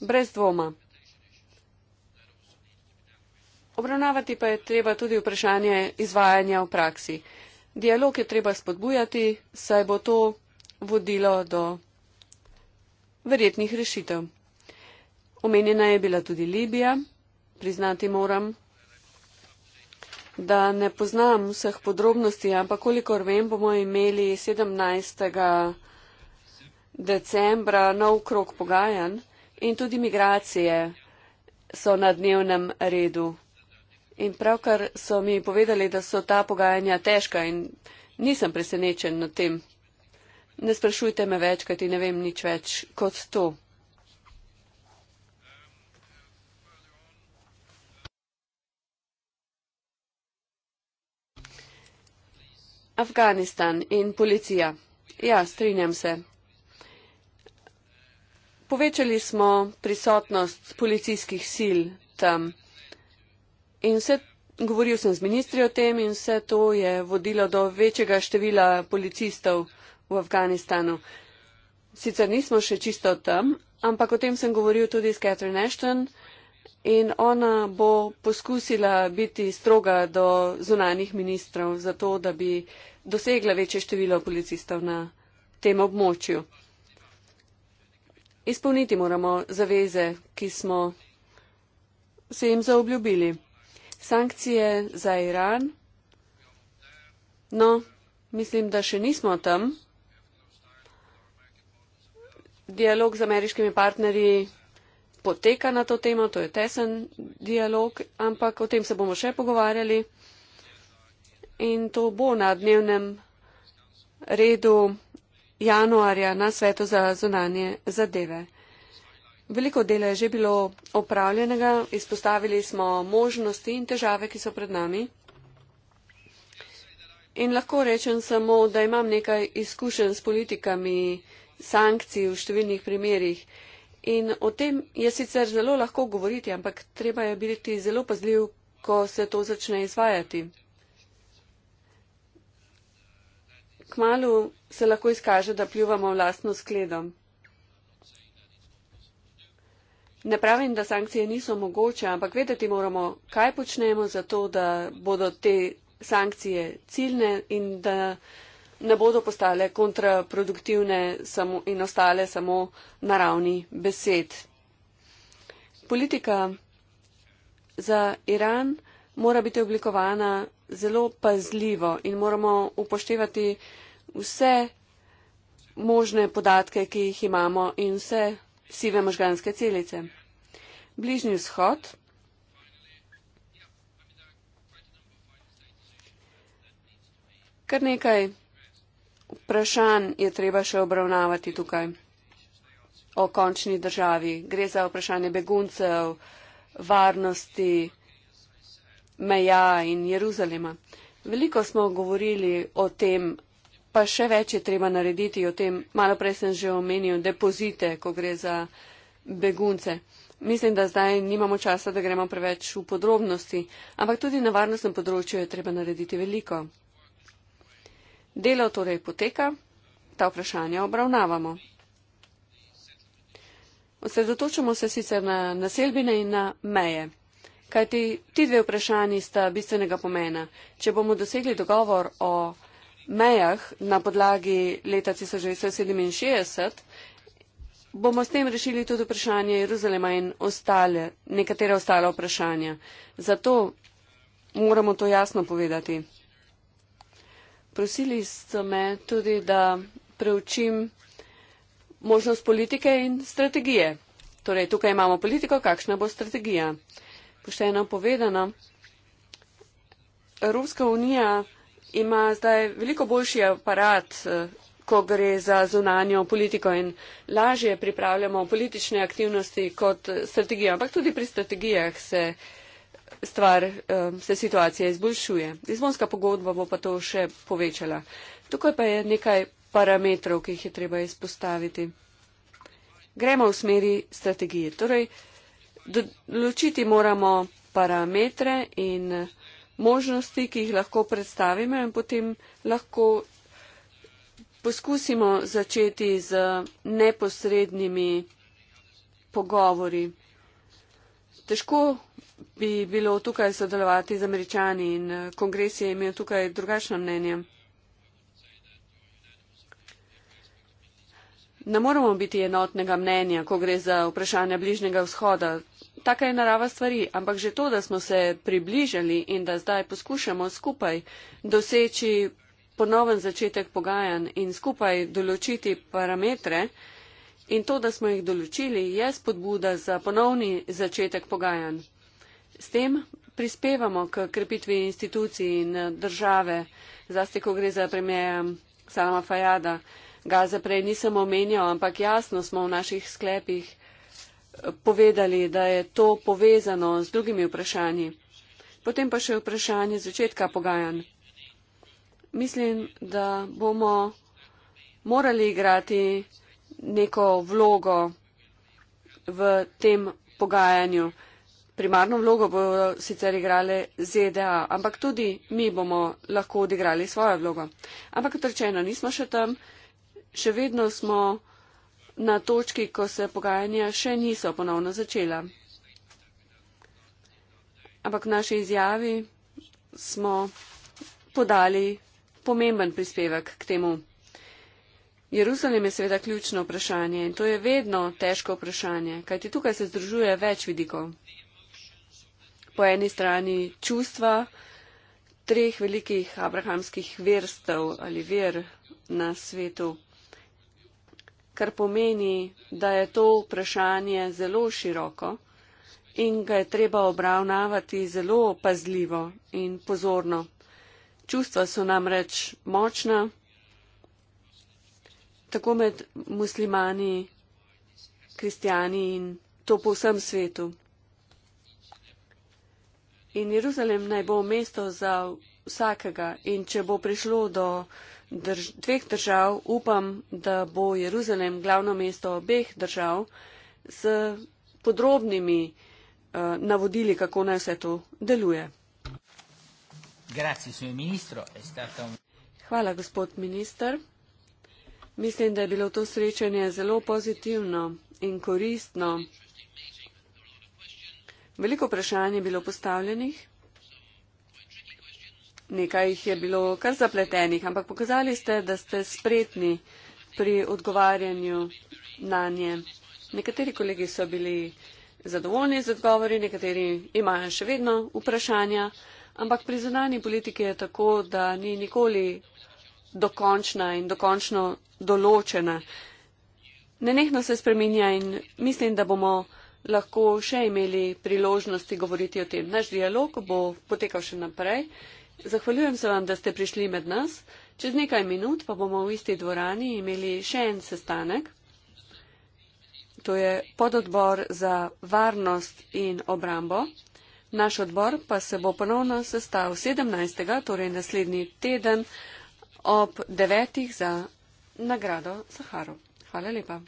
S3: brez dvoma. Obravnavati pa je treba tudi vprašanje izvajanja v praksi. Dialog je treba spodbujati, saj bo to vodilo do verjetnih rešitev. Omenjena je bila tudi Libija. Priznati moram, da ne poznam vseh podrobnosti, ampak kolikor vem, bomo imeli 17. decembra nov krok pogajanj in tudi migracije so na dnevnem redu. In pravkar so mi povedali, da so ta pogajanja težka in nisem presenečen nad tem. Ne sprašujte me več, kaj ti ne vem nič več kot to. Afganistan in policija. Ja, strinjam se. Povečali smo prisotnost policijskih sil tam. In vse, govoril sem z ministri o tem in vse to je vodilo do večjega števila policistov v Afganistanu. Sicer nismo še čisto tam, ampak o tem sem govoril tudi s Catherine Ashton in ona bo poskusila biti stroga do zunanih ministrov za to, da bi dosegla večje število policistov na tem območju. Izpolniti moramo zaveze, ki smo se jim zaobljubili. Sankcije za Iran. No, mislim, da še nismo tam. Dialog z ameriškimi partnerji poteka na to temo, to je tesen dialog, ampak o tem se bomo še pogovarjali in to bo na dnevnem redu januarja na svetu za zunanje zadeve. Veliko dela je že bilo opravljenega, izpostavili smo možnosti in težave, ki so pred nami. In lahko rečem samo, da imam nekaj izkušenj s politikami, sankcij v številnih primerjih. In o tem je sicer zelo lahko govoriti, ampak treba je biti zelo pazljiv, ko se to začne izvajati. kmalo se lahko izkaže, da pljuvamo vlastno skledom. Ne pravim, da sankcije niso mogoče, ampak vedeti moramo, kaj počnemo za to, da bodo te sankcije ciljne in da ne bodo postale kontraproduktivne in ostale samo na ravni besed. Politika za Iran mora biti oblikovana zelo pazljivo in moramo upoštevati vse možne podatke, ki jih imamo in vse sive možganske celice. Bližnji vzhod. Kar nekaj vprašanj je treba še obravnavati tukaj o končni državi. Gre za vprašanje beguncev, varnosti, meja in Jeruzalema. Veliko smo govorili o tem, pa še več je treba narediti o tem. Malo prej sem že omenil depozite, ko gre za begunce. Mislim, da zdaj nimamo časa, da gremo preveč v podrobnosti, ampak tudi na varnostnem področju je treba narediti veliko. Delo torej poteka, ta vprašanja obravnavamo. Osredotočamo se sicer na naselbine in na meje kajti ti dve vprašanji sta bistvenega pomena. Če bomo dosegli dogovor o mejah na podlagi leta 1967, bomo s tem rešili tudi vprašanje Jeruzalema in ostale, nekatere ostale vprašanja. Zato moramo to jasno povedati. Prosili so me tudi, da preučim možnost politike in strategije. Torej, tukaj imamo politiko, kakšna bo strategija pošteno povedano. Evropska unija ima zdaj veliko boljši aparat, eh, ko gre za zunanjo politiko in lažje pripravljamo politične aktivnosti kot strategijo. Ampak tudi pri strategijah se, stvar, eh, se situacija izboljšuje. Lizbonska pogodba bo pa to še povečala. Tukaj pa je nekaj parametrov, ki jih je treba izpostaviti. Gremo v smeri strategije. Torej, določiti moramo parametre in možnosti, ki jih lahko predstavimo in potem lahko poskusimo začeti z neposrednimi pogovori. Težko bi bilo tukaj sodelovati z američani in eh, kongres je imel tukaj drugačno mnenje. Ne moramo biti enotnega mnenja, ko gre za vprašanje bližnjega vzhoda taka je narava stvari, ampak že to, da smo se približali in da zdaj poskušamo skupaj doseči ponoven začetek pogajanj in skupaj določiti parametre in to, da smo jih določili, je spodbuda za ponovni začetek pogajanj. S tem prispevamo k krepitvi institucij in države, zlasti ko gre za premijeja Salama Fajada. Gaze prej nisem omenjal, ampak jasno smo v naših sklepih povedali, da je to povezano z drugimi vprašanji. Potem pa še vprašanje začetka pogajanj. Mislim, da bomo morali igrati neko vlogo v tem pogajanju. Primarno vlogo bo sicer igrale ZDA, ampak tudi mi bomo lahko odigrali svojo vlogo. Ampak kot rečeno, nismo še tam, še vedno smo na točki, ko se pogajanja še niso ponovno začela. Ampak v naši izjavi smo podali pomemben prispevek k temu. Jeruzalem je seveda ključno vprašanje in to je vedno težko vprašanje, kajti tukaj se združuje več vidikov. Po eni strani čustva treh velikih abrahamskih verstev ali ver na svetu kar pomeni, da je to vprašanje zelo široko in ga je treba obravnavati zelo opazljivo in pozorno. Čustva so namreč močna, tako med muslimani, kristijani in to po vsem svetu. In Jeruzalem naj bo mesto za vsakega in če bo prišlo do drž dveh držav upam, da bo Jeruzalem glavno mesto obeh držav s podrobnimi uh, navodili, kako naj vse to deluje.
S1: Grazie, ministro, stato...
S3: Hvala, gospod minister. Mislim, da je bilo to srečanje zelo pozitivno in koristno. Veliko vprašanj je bilo postavljenih nekaj jih je bilo kar zapletenih, ampak pokazali ste, da ste spretni pri odgovarjanju na nje. Nekateri kolegi so bili zadovoljni z odgovori, nekateri imajo še vedno vprašanja, ampak pri zunani politiki je tako, da ni nikoli dokončna in dokončno določena. Nenehno se spreminja in mislim, da bomo lahko še imeli priložnosti govoriti o tem. Naš dialog bo potekal še naprej. Zahvaljujem se vam, da ste prišli med nas. Čez nekaj minut pa bomo v isti dvorani imeli še en sestanek. To je pododbor za varnost in obrambo. Naš odbor pa se bo ponovno sestal 17. torej naslednji teden ob 9. za nagrado Saharu. Hvala lepa.